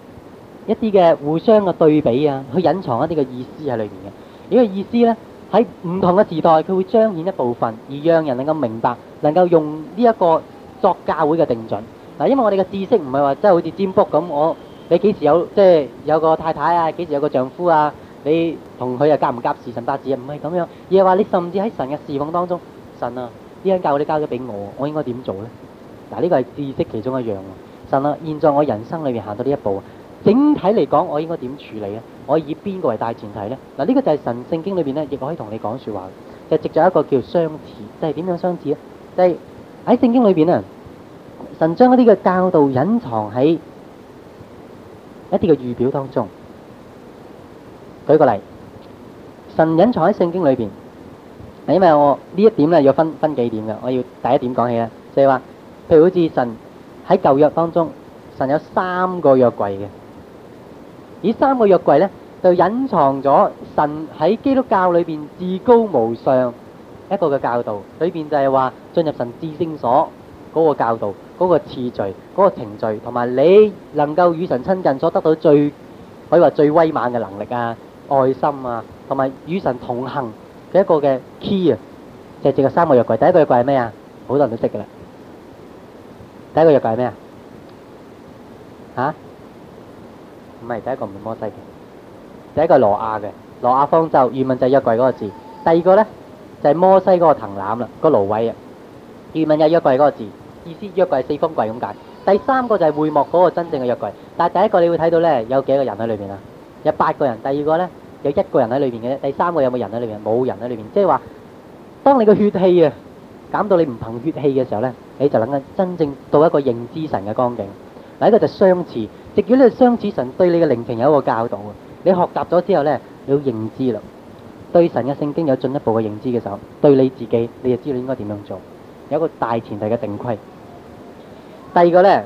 Speaker 1: 一啲嘅互相嘅對比啊，去隱藏一啲嘅意思喺裏邊嘅，呢個意思呢，喺唔同嘅時代佢會彰顯一部分，而讓人能夠明白，能夠用呢一個作教會嘅定準。嗱，因為我哋嘅知識唔係話真係好似占卜咁，我。你幾時有即係有個太太啊？幾時有個丈夫啊？你同佢啊夾唔夾時辰八字啊？唔係咁樣，而係話你甚至喺神嘅侍奉當中，神啊，呢間教會交咗俾我，我應該點做咧？嗱，呢個係知識其中一樣啊！神啊，現在我人生裏面行到呢一步啊，整體嚟講我應該點處理咧？我以邊個為大前提咧？嗱，呢個就係神聖經裏邊咧，亦可以同你講說話，就藉住一個叫相似，即係點樣相似咧？即係喺聖經裏邊啊，神將一啲嘅教導隱藏喺。一啲嘅預表當中，舉個例，神隱藏喺聖經裏邊。因為我呢一點咧，要分分幾點嘅，我要第一點講起咧，就係話，譬如好似神喺舊約當中，神有三個約櫃嘅，呢三個約櫃咧，就隱藏咗神喺基督教裏邊至高無上一個嘅教導，裏邊就係話進入神至聖所嗰個教導。嗰個次序、嗰個程序，同埋你能夠與神親近所得到最可以話最威猛嘅能力啊、愛心啊，同埋與神同行嘅一個嘅 key 啊，就係淨係三個約櫃。第一個約櫃係咩啊？好多人都識嘅啦。第一個約櫃係咩啊？嚇？唔係第一個唔係摩西嘅，第一個係羅亞嘅，羅亞方舟原文就係約櫃嗰個字。第二個咧就係摩西嗰個藤籃啦，個蘆葦啊，原文就係約櫃嗰個字。意思約櫃係四方櫃咁解，第三個就係會幕嗰個真正嘅約櫃，但係第一個你會睇到呢，有幾個人喺裏面啊，有八個人，第二個呢，有一個人喺裏面嘅，第三個有冇人喺裏面？冇人喺裏面，即係話當你個血氣啊減到你唔憑血氣嘅時候呢，你就能夠真正到一個認知神嘅光景。第一個就係相似，只要呢個相似神對你嘅靈情有一個教導，你學習咗之後呢，你要認知啦，對神嘅聖經有進一步嘅認知嘅時候，對你自己你就知道應該點樣做，有一個大前提嘅定規。第二個咧，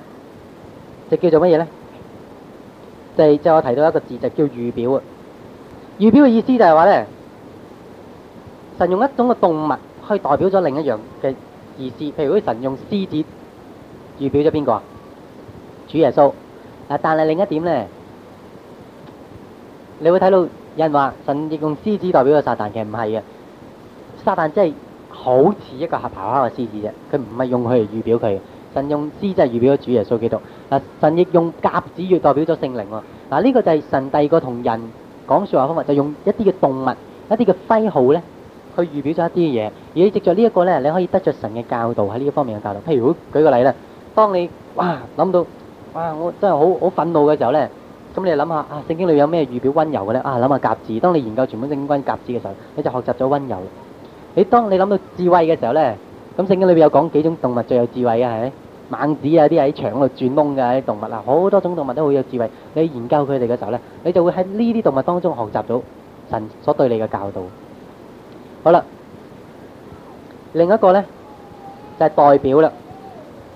Speaker 1: 就叫做乜嘢咧？就，就我提到一個字，就叫預表啊！預表嘅意思就係話咧，神用一種嘅動物去代表咗另一樣嘅意思。譬如，啲神用獅子預表咗邊個啊？主耶穌啊！但係另一點咧，你會睇到有人話神用獅子代表咗撒旦，其實唔係嘅。撒旦真係好似一個黑皮黑嘅獅子啫，佢唔係用佢嚟預表佢。神用獅子就係預表咗主耶穌基督。嗱，神亦用鴿子要代表咗聖靈喎。嗱，呢個就係神第二個同人講說話方法，就用一啲嘅動物、一啲嘅徽號咧，去預表咗一啲嘅嘢。而你藉着呢一個咧，你可以得着神嘅教導喺呢一方面嘅教導。譬如，如果舉個例咧，當你哇諗到哇我真係好好憤怒嘅時候咧，咁你諗下啊聖經裏有咩預表溫柔嘅咧？啊諗下鴿子。當你研究《全本聖經》關於鴿子嘅時候，你就學習咗溫柔。你當你諗到智慧嘅時候咧？咁聖經裏邊有講幾種動物最有智慧嘅係咪？猛子啊，啲喺牆度轉窿嘅啲動物啊，好多種動物都好有智慧。你研究佢哋嘅時候咧，你就會喺呢啲動物當中學習到神所對你嘅教導。好啦，另一個咧就係、是、代表啦，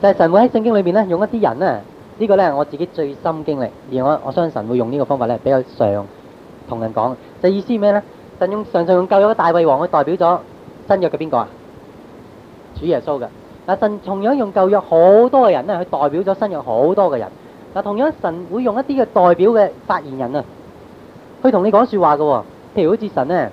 Speaker 1: 就係、是、神會喺聖經裏邊咧用一啲人啊，這個、呢個咧我自己最深經歷，而我我相信神會用呢個方法咧比較常同人講。就是、意思咩咧？神用常常用舊約嘅大衛王去代表咗新約嘅邊個啊？主耶穌嘅嗱，神同樣用舊約好多嘅人咧，去代表咗新約好多嘅人嗱。同樣神會用一啲嘅代表嘅發言人啊，去同你講説話嘅喎。譬如好似神咧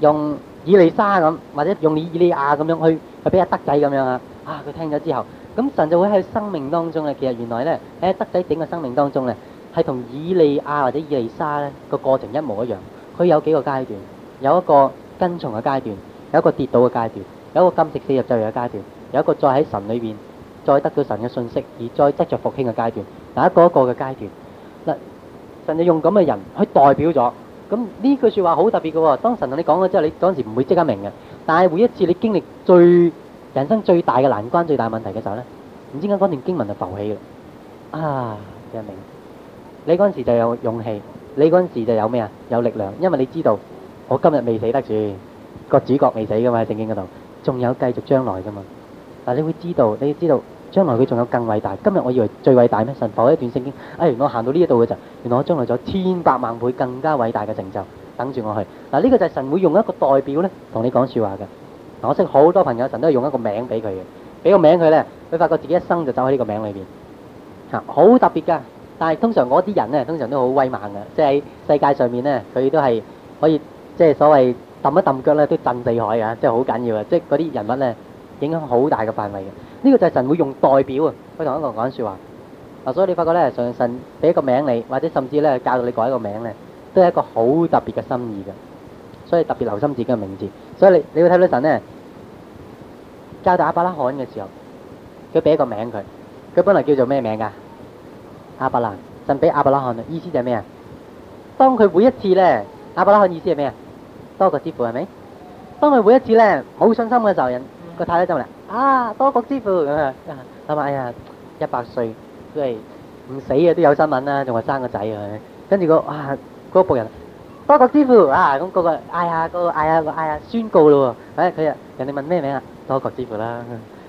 Speaker 1: 用以利沙咁，或者用以利亞咁樣去去俾阿德仔咁樣啊啊！佢聽咗之後，咁神就會喺生命當中咧，其實原來咧喺德仔整個生命當中咧，係同以利亞或者以利沙咧個過程一模一樣。佢有幾個階段，有一個跟從嘅階段，有一個跌倒嘅階段。有一個金石四入再入嘅階段，有一個再喺神裏邊再得到神嘅信息而再得著復興嘅階段，有一個一個嘅階段。嗱，神你用咁嘅人去代表咗，咁呢句説話好特別嘅喎。當神同你講咗之後，你嗰陣時唔會即刻明嘅，但係每一次你經歷最人生最大嘅難關、最大問題嘅時候咧，唔知點解嗰段經文就浮起喇。啊，你明，你嗰陣時就有勇氣，你嗰陣時就有咩啊？有力量，因為你知道我今日未死得住，個主角未死嘅嘛，喺聖經嗰度。仲有繼續將來㗎嘛？但、啊、你會知道，你要知道，將來佢仲有更偉大。今日我以為最偉大咩？神放一段聖經，哎，原來我行到呢一度嘅時候，原來我將來仲有千百萬倍更加偉大嘅成就等住我去。嗱、啊，呢、這個就係神會用一個代表咧，同你講説話嘅、啊。我識好多朋友，神都係用一個名俾佢嘅，俾個名佢咧，佢發覺自己一生就走喺呢個名裏邊，嚇、啊，好特別㗎。但係通常嗰啲人咧，通常都好威猛㗎，即、就、係、是、喺世界上面咧，佢都係可以即係、就是、所謂。揼一揼腳咧都震四海啊！即係好緊要啊！即係嗰啲人物咧，影響好大嘅範圍嘅。呢個就係神會用代表啊！去同一個人講説話啊，所以你發覺咧，神神俾一個名你，或者甚至咧教導你改一個名咧，都係一個好特別嘅心意嘅。所以特別留心自己嘅名字。所以你你會睇到神咧教導亞伯拉罕嘅時候，佢俾一個名佢，佢本來叫做咩名㗎？亞伯蘭，神俾亞伯拉罕，意思就係咩啊？當佢每一次咧，亞伯拉罕意思係咩啊？多個之父係咪？當佢每一次咧冇信心嘅時候，人個太太就話：啊，多個之父咁啊，同埋哎呀，一百歲，佢係唔死啊，都有新聞啦，仲話生個仔啊。跟住個哇，嗰個人多個之父啊，咁嗰個哎呀，嗰個哎呀，嗰個哎呀宣告咯喎，誒佢啊人哋問咩名啊？多個之父啦，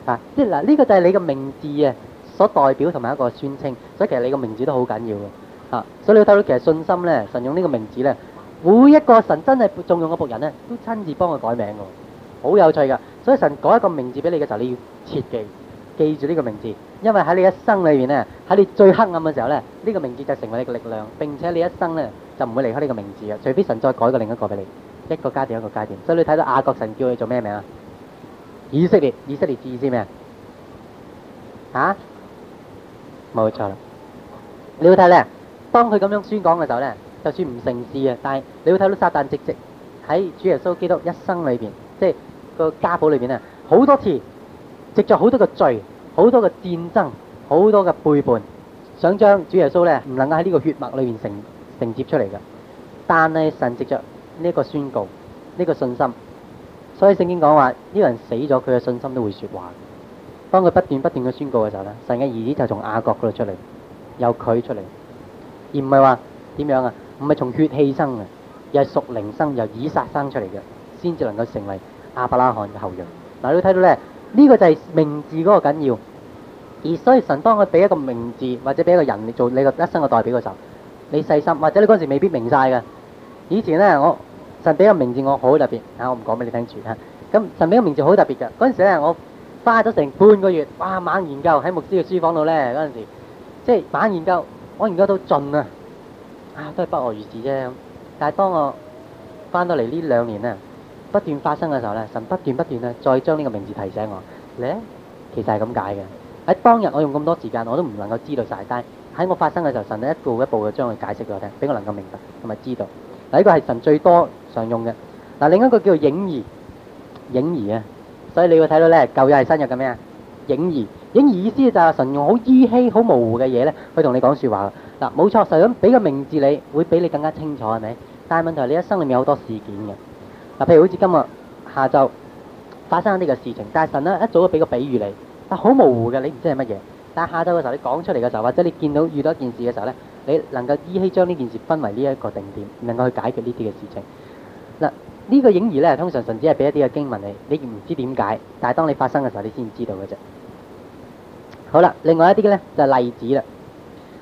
Speaker 1: 啊即係，嗱，呢個就係你個名字啊，所代表同埋一個宣稱，所以其實你個名字都好緊要嘅，嚇。所以你要睇到其實信心咧，神用呢個名字咧。每一個神真係重用嘅僕人咧，都親自幫佢改名嘅，好有趣噶。所以神改一個名字俾你嘅時候，你要切記記住呢個名字，因為喺你一生裏面咧，喺你最黑暗嘅時候咧，呢個名字就成為你嘅力量，並且你一生咧就唔會離開呢個名字嘅，除非神再改個另一個俾你。一個階段一個階段。所以你睇到雅各神叫你做咩名啊？
Speaker 2: 以
Speaker 1: 色列，以色列字意思咩啊？吓？冇錯啦。你會睇咧，當佢咁樣宣講嘅時候咧。就算唔成事啊，但係你會睇到撒旦直直喺主耶穌基督一生裏邊，即係個家譜裏邊啊，好多次藉着好多嘅罪、好多嘅戰爭、好多嘅背叛，想將主耶穌咧唔能夠喺呢個血脈裏邊承承接出嚟嘅。但係神藉着呢個宣告、呢、呢個信心，所以聖經講話呢、呢個人死咗，佢嘅信心都會說話。當佢不斷不斷嘅宣告嘅時候咧，神嘅兒子就從亞各嗰度出嚟，由佢出嚟，而唔係話點樣啊？唔係從血氣生嘅，又係屬靈生，由以撒生出嚟嘅，先至能夠成為亞伯拉罕嘅後裔。嗱，你會睇到咧，呢個就係名字嗰個緊要。而所以神當佢俾一個名字或者俾一個人你做你個一生嘅代表嘅時候，你細心或者你嗰陣時未必明晒嘅。以前咧，我神俾個名字我好特別，吓，我唔講俾你聽住吓。咁神俾個名字好特別嘅，嗰陣時咧，我花咗成半個月，哇猛研究喺牧師嘅書房度咧，嗰陣時即係猛研究，我研究到盡啊！啊，都係不外如是啫咁。但係當我翻到嚟呢兩年咧，不斷發生嘅時候咧，神不斷不斷咧再將呢個名字提醒我咧，你呢？其實係咁解嘅。喺當日我用咁多時間，我都唔能夠知道晒。但係喺我發生嘅時候，神一步一步嘅將佢解釋俾我聽，俾我能夠明白同埋知道。嗱，第一個係神最多常用嘅。嗱，另一個叫做影兒，影兒啊，所以你會睇到咧，舊日係新日嘅咩啊？影兒，影兒意思就係神用好依稀、好模糊嘅嘢咧，去同你講説話。嗱，冇錯，神俾個名字你，會比你更加清楚係咪？但係問題係你一生裡面好多事件嘅。嗱，譬如好似今日下晝發生呢個事情，但係神呢一早都俾個比喻你，但好模糊嘅，你唔知係乜嘢。但係下晝嘅時候你講出嚟嘅時候，或者你見到遇到一件事嘅時候咧，你能夠依稀將呢件事分為呢一個定點，能夠去解決呢啲嘅事情。嗱，呢個影兒咧，通常神只係俾一啲嘅經文你，你唔知點解，但係當你發生嘅時候，你先知道嘅啫。好啦，另外一啲嘅咧就係例子啦。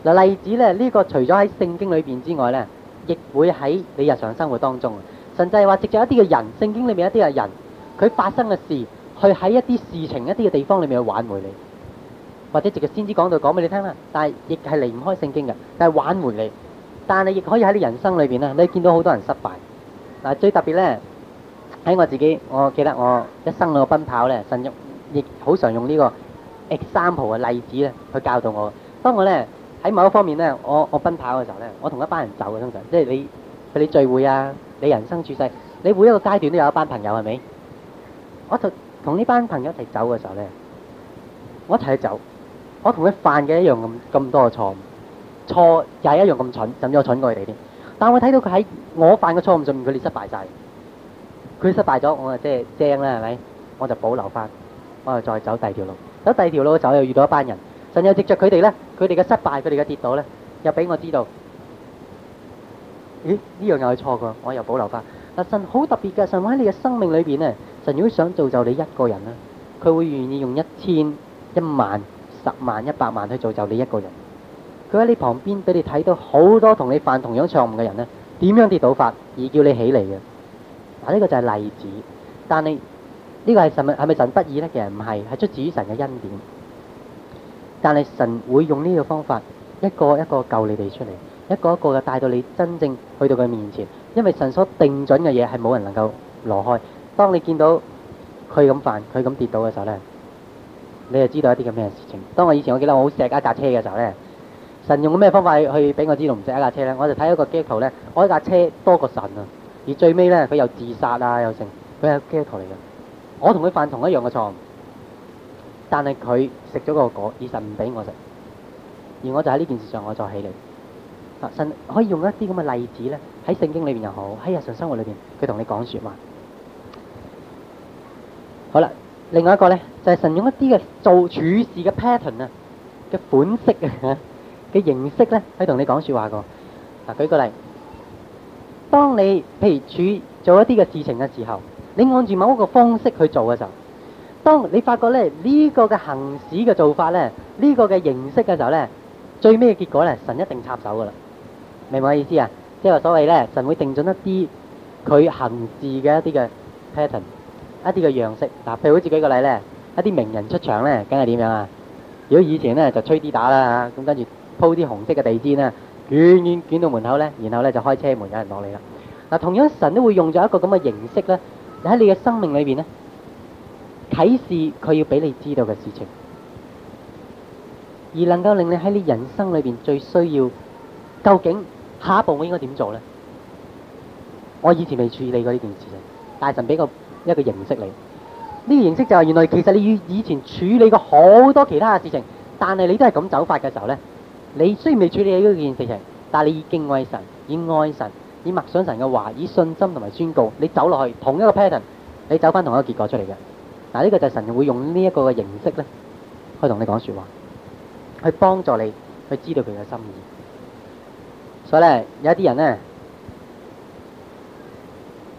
Speaker 1: 嗱，例子咧，呢個除咗喺聖經裏邊之外咧，亦會喺你日常生活當中，甚至係話直接一啲嘅人，聖經裏面一啲嘅人，佢發生嘅事，去喺一啲事情一啲嘅地方裏面去挽回你或者直接先知講到講俾你聽啦。但係亦係離唔開聖經嘅，但係挽回你，但係亦可以喺你人生裏邊咧，你見到好多人失敗。嗱，最特別咧喺我自己，我記得我一生我奔跑咧，神亦好常用呢個。example 嘅例子咧，去教導我。當我咧喺某一方面咧，我我奔跑嘅時候咧，我同一班人走嘅通常，即係你你聚會啊，你人生處世，你每一個階段都有一班朋友係咪？我就同呢班朋友一齊走嘅時候咧，我一齊走，我同佢犯嘅一樣咁咁多嘅錯誤，錯就係一樣咁蠢，甚至我蠢過佢哋添。但我睇到佢喺我犯嘅錯誤上面，佢哋失敗晒。佢失敗咗，我就即係正啦係咪？我就保留翻，我就再走第二條路。走第二條路，走又遇到一班人，神又藉着佢哋呢，佢哋嘅失敗，佢哋嘅跌倒呢，又俾我知道。咦？呢樣又係錯嘅，我又保留返。但神好特別嘅，神喺你嘅生命裏邊咧，神如果想造就你一個人咧，佢會願意用一千、一萬、十萬、一百萬去造就你一個人。佢喺你旁邊俾你睇到好多同你犯同樣錯誤嘅人咧，點樣跌倒法而叫你起嚟嘅。嗱，呢個就係例子。但係，呢個係神係咪神不義呢？其實唔係，係出自於神嘅恩典。但係神會用呢個方法，一個一個救你哋出嚟，一個一個嘅帶到你真正去到佢面前。因為神所定準嘅嘢係冇人能夠挪開。當你見到佢咁犯、佢咁跌倒嘅時候呢，你就知道一啲嘅咩事情。當我以前我記得我好錫一架車嘅時候呢，神用咩方法去去俾我知道唔錫一架車呢？我就睇一個基督徒呢，我一架車多過神啊，而最尾呢，佢又自殺啊，又成，佢係基督徒嚟嘅。我同佢犯同一樣嘅錯誤，但係佢食咗個果，而神唔俾我食，而我就喺呢件事上我再起嚟。神可以用一啲咁嘅例子咧，喺聖經裏邊又好，喺日常生活裏邊，佢同你講説話。好啦，另外一個咧就係神用一啲嘅做處事嘅 pattern 啊嘅款式啊嘅形式咧，可以同你講説話㗎。嗱，舉個例，當你譬如處做一啲嘅事情嘅時候。你按住某一個方式去做嘅時候，當你發覺咧呢、這個嘅行事嘅做法咧，呢、這個嘅形式嘅時候咧，最尾嘅結果咧，神一定插手噶啦，明唔明我意思啊？即係話所謂咧，神會定準一啲佢行事嘅一啲嘅 pattern，一啲嘅樣式嗱，譬如好似舉個例咧，一啲名人出場咧，梗係點樣啊？如果以前咧就吹啲打啦，咁跟住鋪啲紅色嘅地氈啊，卷卷捲到門口咧，然後咧就開車門有人落嚟啦。嗱，同樣神都會用咗一個咁嘅形式咧。喺你嘅生命裏邊呢，啟示佢要俾你知道嘅事情，而能夠令你喺你人生裏邊最需要，究竟下一步我應該點做呢？我以前未處理過呢件事情，大神俾個一個形式你，呢、這個形式就係原來其實你以前處理過好多其他嘅事情，但係你都係咁走法嘅時候呢，你雖然未處理呢件事情，但係你已經敬畏神，已愛神。以默想神嘅話，以信心同埋宣告，你走落去同一個 pattern，你走翻同一個結果出嚟嘅。嗱，呢個就係神會用呢一個嘅形式咧，去同你講說話，去幫助你去知道佢嘅心意。所以咧，有一啲人咧，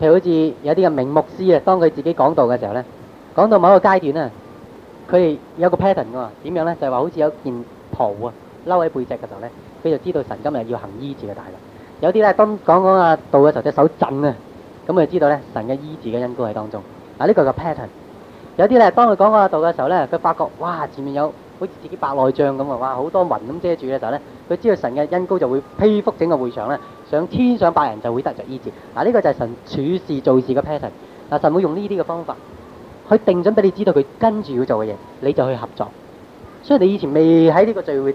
Speaker 1: 譬如好似有啲嘅名牧師啊，當佢自己講道嘅時候咧，講到某一個階段啊，佢哋有個 pattern 噶嘛，點樣咧就係、是、話好似有件袍啊，褸喺背脊嘅時候咧，佢就知道神今日要行醫治嘅大能。有啲咧，當講講阿道嘅時候，隻手震啊，咁佢就知道咧，神嘅醫治嘅恩膏喺當中。嗱，呢個係個 pattern。有啲咧，當佢講講阿道嘅時候咧，佢發覺哇，前面有好似自己白內障咁啊，哇，好多雲咁遮住嘅時候咧，佢知道神嘅恩膏就會披覆整個會場咧，上千上百人就會得着醫治。嗱、啊，呢、這個就係神處事做事嘅 pattern、啊。嗱，神會用呢啲嘅方法，去定準俾你知道佢跟住要做嘅嘢，你就去合作。所以你以前未喺呢個聚會。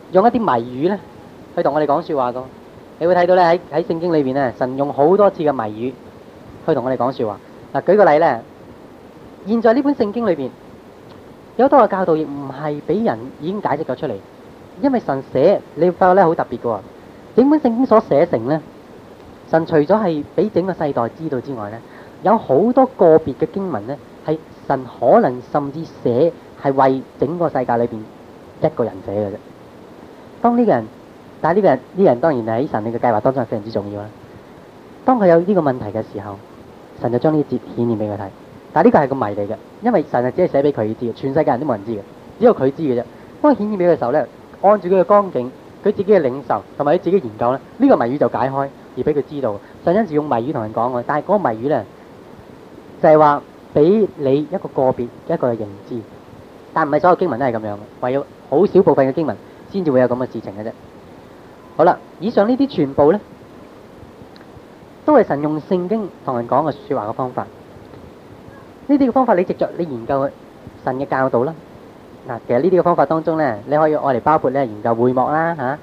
Speaker 1: 用一啲謎語咧，去同我哋講說話噶，你會睇到咧喺喺聖經裏邊咧，神用好多次嘅謎語去同我哋講說話。嗱，舉個例咧，現在呢本聖經裏邊，有好多個教導亦唔係俾人已經解釋咗出嚟。因為神寫，你會發覺咧好特別噶。整本聖經所寫成咧，神除咗係俾整個世代知道之外咧，有好多個別嘅經文咧，係神可能甚至寫係為整個世界裏邊一個人寫嘅啫。當呢個人，但係呢個人，呢個人當然係喺神嘅計劃當中係非常之重要啦。當佢有呢個問題嘅時候，神就將呢節顯現俾佢睇。但係呢個係個謎嚟嘅，因為神係只係寫俾佢知嘅，全世界人都冇人知嘅，只有佢知嘅啫。當顯現俾佢嘅時候咧，按住佢嘅光景，佢自己嘅領受，同埋佢自己研究咧，呢個謎語就解開而俾佢知道。神有時用謎語同人講嘅，但係嗰個謎語咧就係話俾你一個個別一個嘅認知，但唔係所有經文都係咁樣嘅，唯有好少部分嘅經文，先至會有咁嘅事情嘅啫。好啦，以上呢啲全部咧都係神用聖經同人講嘅説話嘅方法。呢啲嘅方法你直著你研究神嘅教導啦。嗱，其實呢啲嘅方法當中咧，你可以愛嚟包括咧研究會幕啦嚇，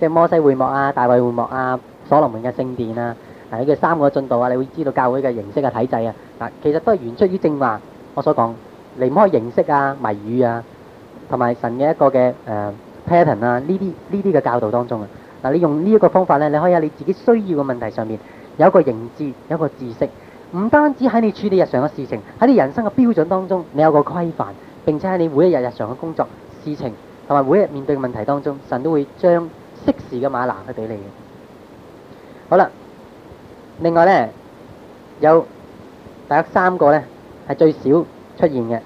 Speaker 1: 即係摩西會幕啊、大衛會幕啊、所羅門嘅聖殿啊。嗱，呢個三個進度啊，你會知道教會嘅形式啊、體制啊。嗱，其實都係源出於正話。我所講離唔開形式啊、謎語啊，同埋神嘅一個嘅誒。pattern 啊，呢啲呢啲嘅教導當中啊，嗱、啊、你用呢一個方法咧，你可以喺你自己需要嘅問題上面有一個認知，有一個知識，唔單止喺你處理日常嘅事情，喺你人生嘅標準當中，你有個規範，並且喺你每一日日常嘅工作事情同埋每一日面對嘅問題當中，神都會將適時嘅馬拿去俾你嘅。好啦，另外咧，有大約三個咧，係最少出現嘅。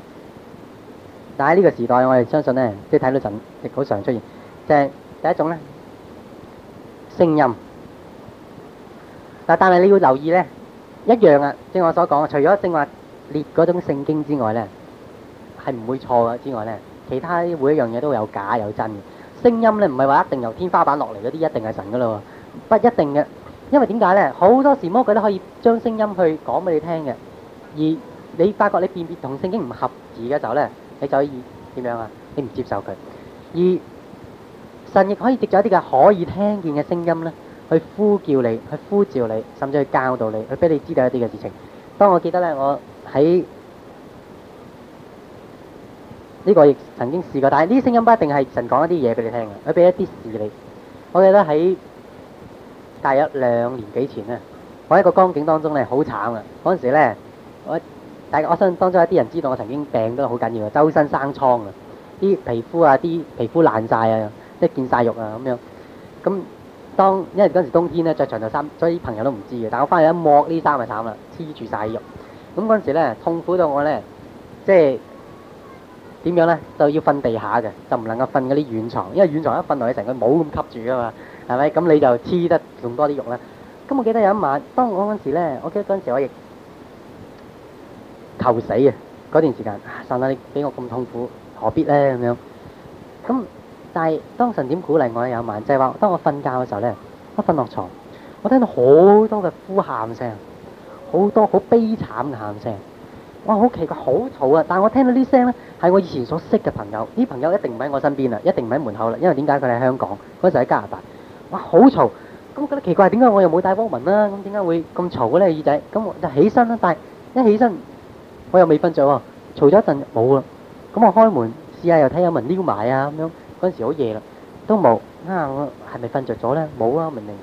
Speaker 1: 但係呢個時代，我哋相信咧，即係睇到神亦好常出現。就係第一種咧，聲音。嗱，但係你要留意咧，一樣啊，正如我所講啊，除咗正話列嗰種聖經之外咧，係唔會錯嘅之外咧，其他每一樣嘢都會有假有真。聲音咧，唔係話一定由天花板落嚟嗰啲一定係神噶咯，不一定嘅。因為點解咧？好多時魔鬼都可以將聲音去講俾你聽嘅，而你發覺你辨別同聖經唔合字嘅時候咧。你就可以點樣啊？你唔接受佢，而神亦可以藉著一啲嘅可以聽見嘅聲音咧，去呼叫你，去呼召你，甚至去教導你，去俾你知道一啲嘅事情。當我記得咧，我喺呢個亦曾經試過，但係呢啲聲音不一定係神講一啲嘢俾你聽嘅，佢俾一啲事你。我記得喺大約兩年幾前啊，我喺個光景當中咧，好慘啊！嗰陣時咧，我。但係我想當中一啲人知道我曾經病都好緊要，周身生瘡啊，啲皮膚啊，啲皮膚爛晒啊，即係見晒肉啊咁樣。咁當因為嗰陣時冬天咧，着長袖衫，所以啲朋友都唔知嘅。但我翻嚟一剝呢衫就慘啦，黐住晒肉。咁嗰陣時咧，痛苦到我咧，即係點樣咧，就要瞓地下嘅，就唔能夠瞓嗰啲軟床。因為軟床一瞓落去，成個冇咁吸住啊嘛，係咪？咁你就黐得仲多啲肉啦。咁我記得有一晚，當我嗰陣時咧，我記得嗰陣時我亦。後死嘅嗰段時間，啊，神啊，你俾我咁痛苦，何必咧？咁樣咁，但係當神點鼓勵我咧？有晚就係、是、話，當我瞓覺嘅時候咧，一瞓落床，我聽到好多嘅呼喊聲，好多好悲慘嘅喊聲。我好奇怪好嘈啊！但我聽到啲聲咧，係我以前所識嘅朋友。啲朋友一定唔喺我身邊啦，一定唔喺門口啦。因為點解佢哋喺香港嗰時喺加拿大？哇，好嘈！咁覺得奇怪，點解我又冇帶波紋啦？咁點解會咁嘈咧？耳仔咁我就起身啦，但係一起身。我又未瞓著喎，嘈咗一陣冇啦，咁我開門試下又睇有冇人撩埋啊咁樣。嗰陣時好夜啦，都冇，啊我係咪瞓著咗咧？冇啊明明，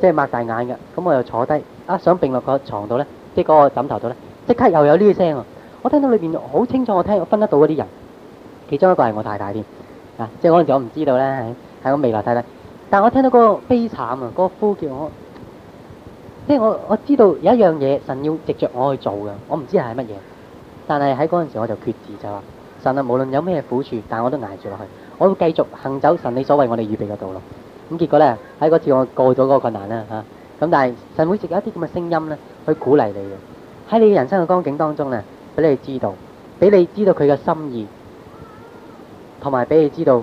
Speaker 1: 即係擘大眼嘅，咁我又坐低，啊想並落個牀度咧，即係個枕頭度咧，即刻又有呢啲聲啊！我聽到裏邊好清楚，我聽我分得到嗰啲人，其中一個係我太太添，啊即係嗰陣時我唔知道咧，係係我未來太太，但我聽到嗰個悲慘啊，嗰個呼叫我。即係我我知道有一樣嘢，神要藉着我去做嘅，我唔知係乜嘢，但係喺嗰陣時我就決志就話，神啊，無論有咩苦處，但我都挨住落去，我會繼續行走神你所為我哋預備嘅道路。咁結果呢，喺嗰次我過咗嗰個困難啦吓，咁、啊、但係神會藉有一啲咁嘅聲音呢去鼓勵你嘅，喺你人生嘅光景當中呢，俾你知道，俾你知道佢嘅心意，同埋俾你知道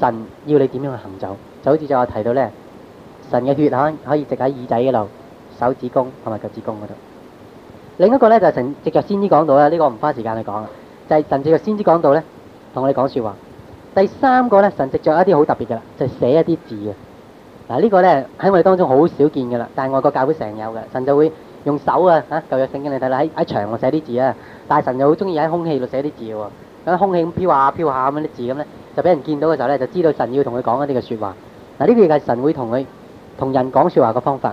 Speaker 1: 神要你點樣去行走，就好似就我提到呢，神嘅血可以可以藉喺耳仔嗰度。手指公同埋腳趾公嗰度，另一個咧就神藉着先知講到啦，呢個唔花時間去講啦，就係神藉着先知講到咧，同我哋講說話。第三個咧，神藉着一啲好特別嘅啦，就寫一啲字嘅。嗱呢個咧喺我哋當中好少見噶啦，但係外國教會成日有嘅，神就會用手啊吓，舊約聖經你睇啦，喺喺牆度寫啲字啊，但係神就好中意喺空氣度寫啲字嘅喎，喺空氣咁飄下飄下咁啲字咁咧，就俾人見到嘅時候咧，就知道神要同佢講一啲嘅說話。嗱呢啲係神會同佢同人講說話嘅方法。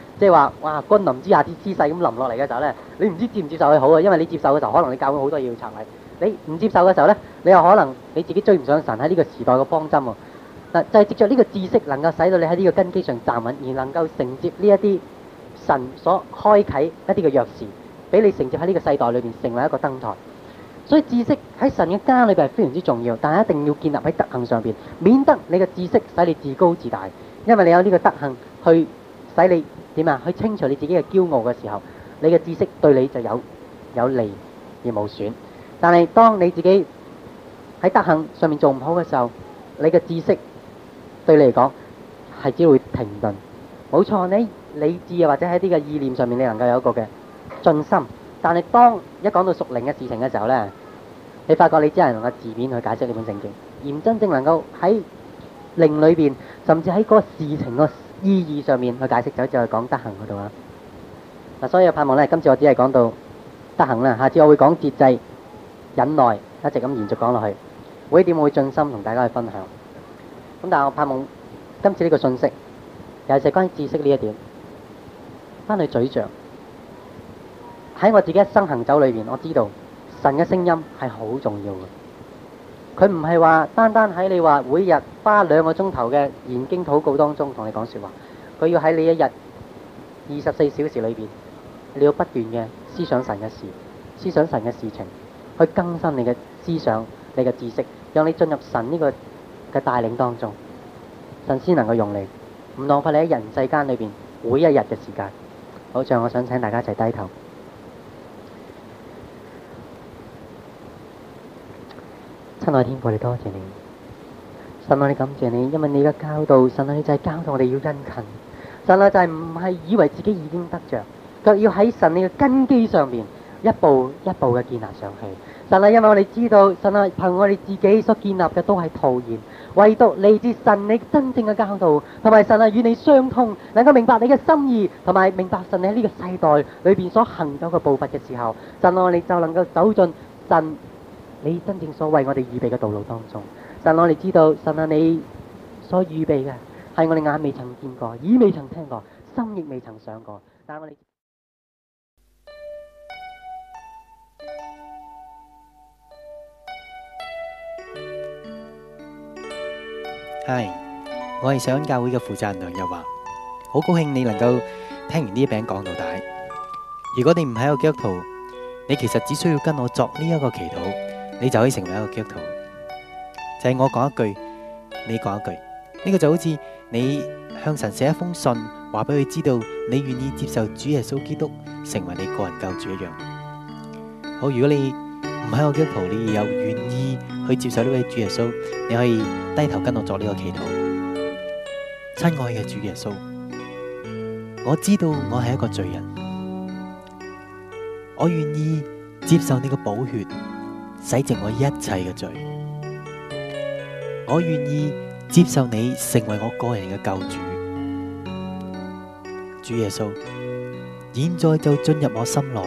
Speaker 1: 即係話哇！君臨之下，姿勢咁臨落嚟嘅時候呢，你唔知接唔接受佢好啊。因為你接受嘅時候，可能你教會好多嘢要拆禮；你唔接受嘅時候呢，你又可能你自己追唔上神喺呢個時代嘅方針。嗱、啊，就係、是、藉著呢個知識，能夠使到你喺呢個根基上站穩，而能夠承接呢一啲神所開啓一啲嘅鑰匙，俾你承接喺呢個世代裏邊成為一個燈台。所以知識喺神嘅家裏邊係非常之重要，但係一定要建立喺德行上邊，免得你嘅知識使你自高自大，因為你有呢個德行去使你。點啊？去清除你自己嘅驕傲嘅時候，你嘅知識對你就有有利而冇損。但係當你自己喺德行上面做唔好嘅時候，你嘅知識對你嚟講係只會停頓。冇錯，你理智或者喺呢個意念上面，你能夠有一個嘅信心。但係當一講到屬靈嘅事情嘅時候咧，你發覺你只能能夠字面去解釋呢本聖經，而真正能夠喺靈裏邊，甚至喺嗰個事情個。意義上面去解釋，就喺度講德行嗰度啊。嗱，所以我盼望咧，今次我只係講到德行啦，下次我會講節制、忍耐，一直咁延續講落去，每一點我會點會盡心同大家去分享。咁但係我盼望今次呢個信息尤其係關於知識呢一點。翻去咀嚼喺我自己一生行走裏面，我知道神嘅聲音係好重要嘅。佢唔係話單單喺你話每日花兩個鐘頭嘅研經禱告當中同你講說話，佢要喺你一日二十四小時裏邊，你要不斷嘅思想神嘅事，思想神嘅事情，去更新你嘅思想，你嘅知識，讓你進入神呢個嘅帶領當中，神先能夠用你，唔浪費你喺人世間裏邊每一日嘅時間。好像，像我想請大家一齊低頭。親愛天父，你多謝你，神啊，你感謝你，因為你嘅教導，神啊，就係教導我哋要殷勤，神啊，就係唔係以為自己已經得着，卻要喺神你嘅根基上面一步一步嘅建立上去。神啊，因為我哋知道，神啊，憑我哋自己所建立嘅都係徒然，唯獨嚟自神你真正嘅教導，同埋神啊與你相通，能夠明白你嘅心意，同埋明白神你喺呢個世代裏邊所行走嘅步伐嘅時候，神啊，你就能夠走進神。你真正所為我哋預備嘅道路當中，但我哋知道，神啊，你所預備嘅係我哋眼未曾見過，耳未曾聽過，心亦未曾想過。但係我哋
Speaker 2: 係，我係上教會嘅負責人梁日華，好高興你能夠聽完呢一餅講到底。如果你唔喺個基督徒，你其實只需要跟我作呢一個祈禱。你就可以成為一個基督徒，就係、是、我講一句，你講一句，呢、這個就好似你向神寫一封信，話俾佢知道你願意接受主耶穌基督成為你個人救主一樣。好，如果你唔係我基督徒，你又願意去接受呢位主耶穌，你可以低頭跟我做呢個祈禱。親愛嘅主耶穌，我知道我係一個罪人，我願意接受你嘅寶血。洗淨我一切嘅罪，我願意接受你成為我個人嘅救主。主耶穌，現在就進入我心內，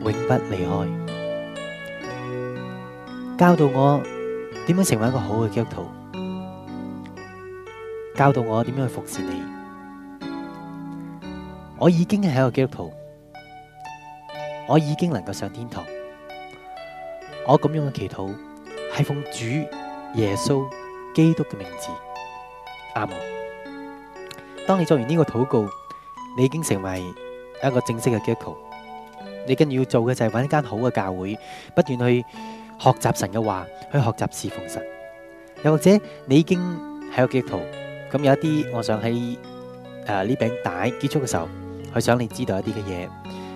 Speaker 2: 永不離開。教導我點樣成為一個好嘅基督徒，教導我點樣去服侍你。我已經係一個基督徒，我已經能夠上天堂。我咁樣嘅祈禱係奉主耶穌基督嘅名字，阿門。當你做完呢個禱告，你已經成為一個正式嘅基督徒。你跟住要做嘅就係揾一間好嘅教會，不斷去學習神嘅話，去學習侍奉神。又或者你已經係個基督徒，咁有一啲，我想喺誒呢餅帶結束嘅時候，去想你知道一啲嘅嘢。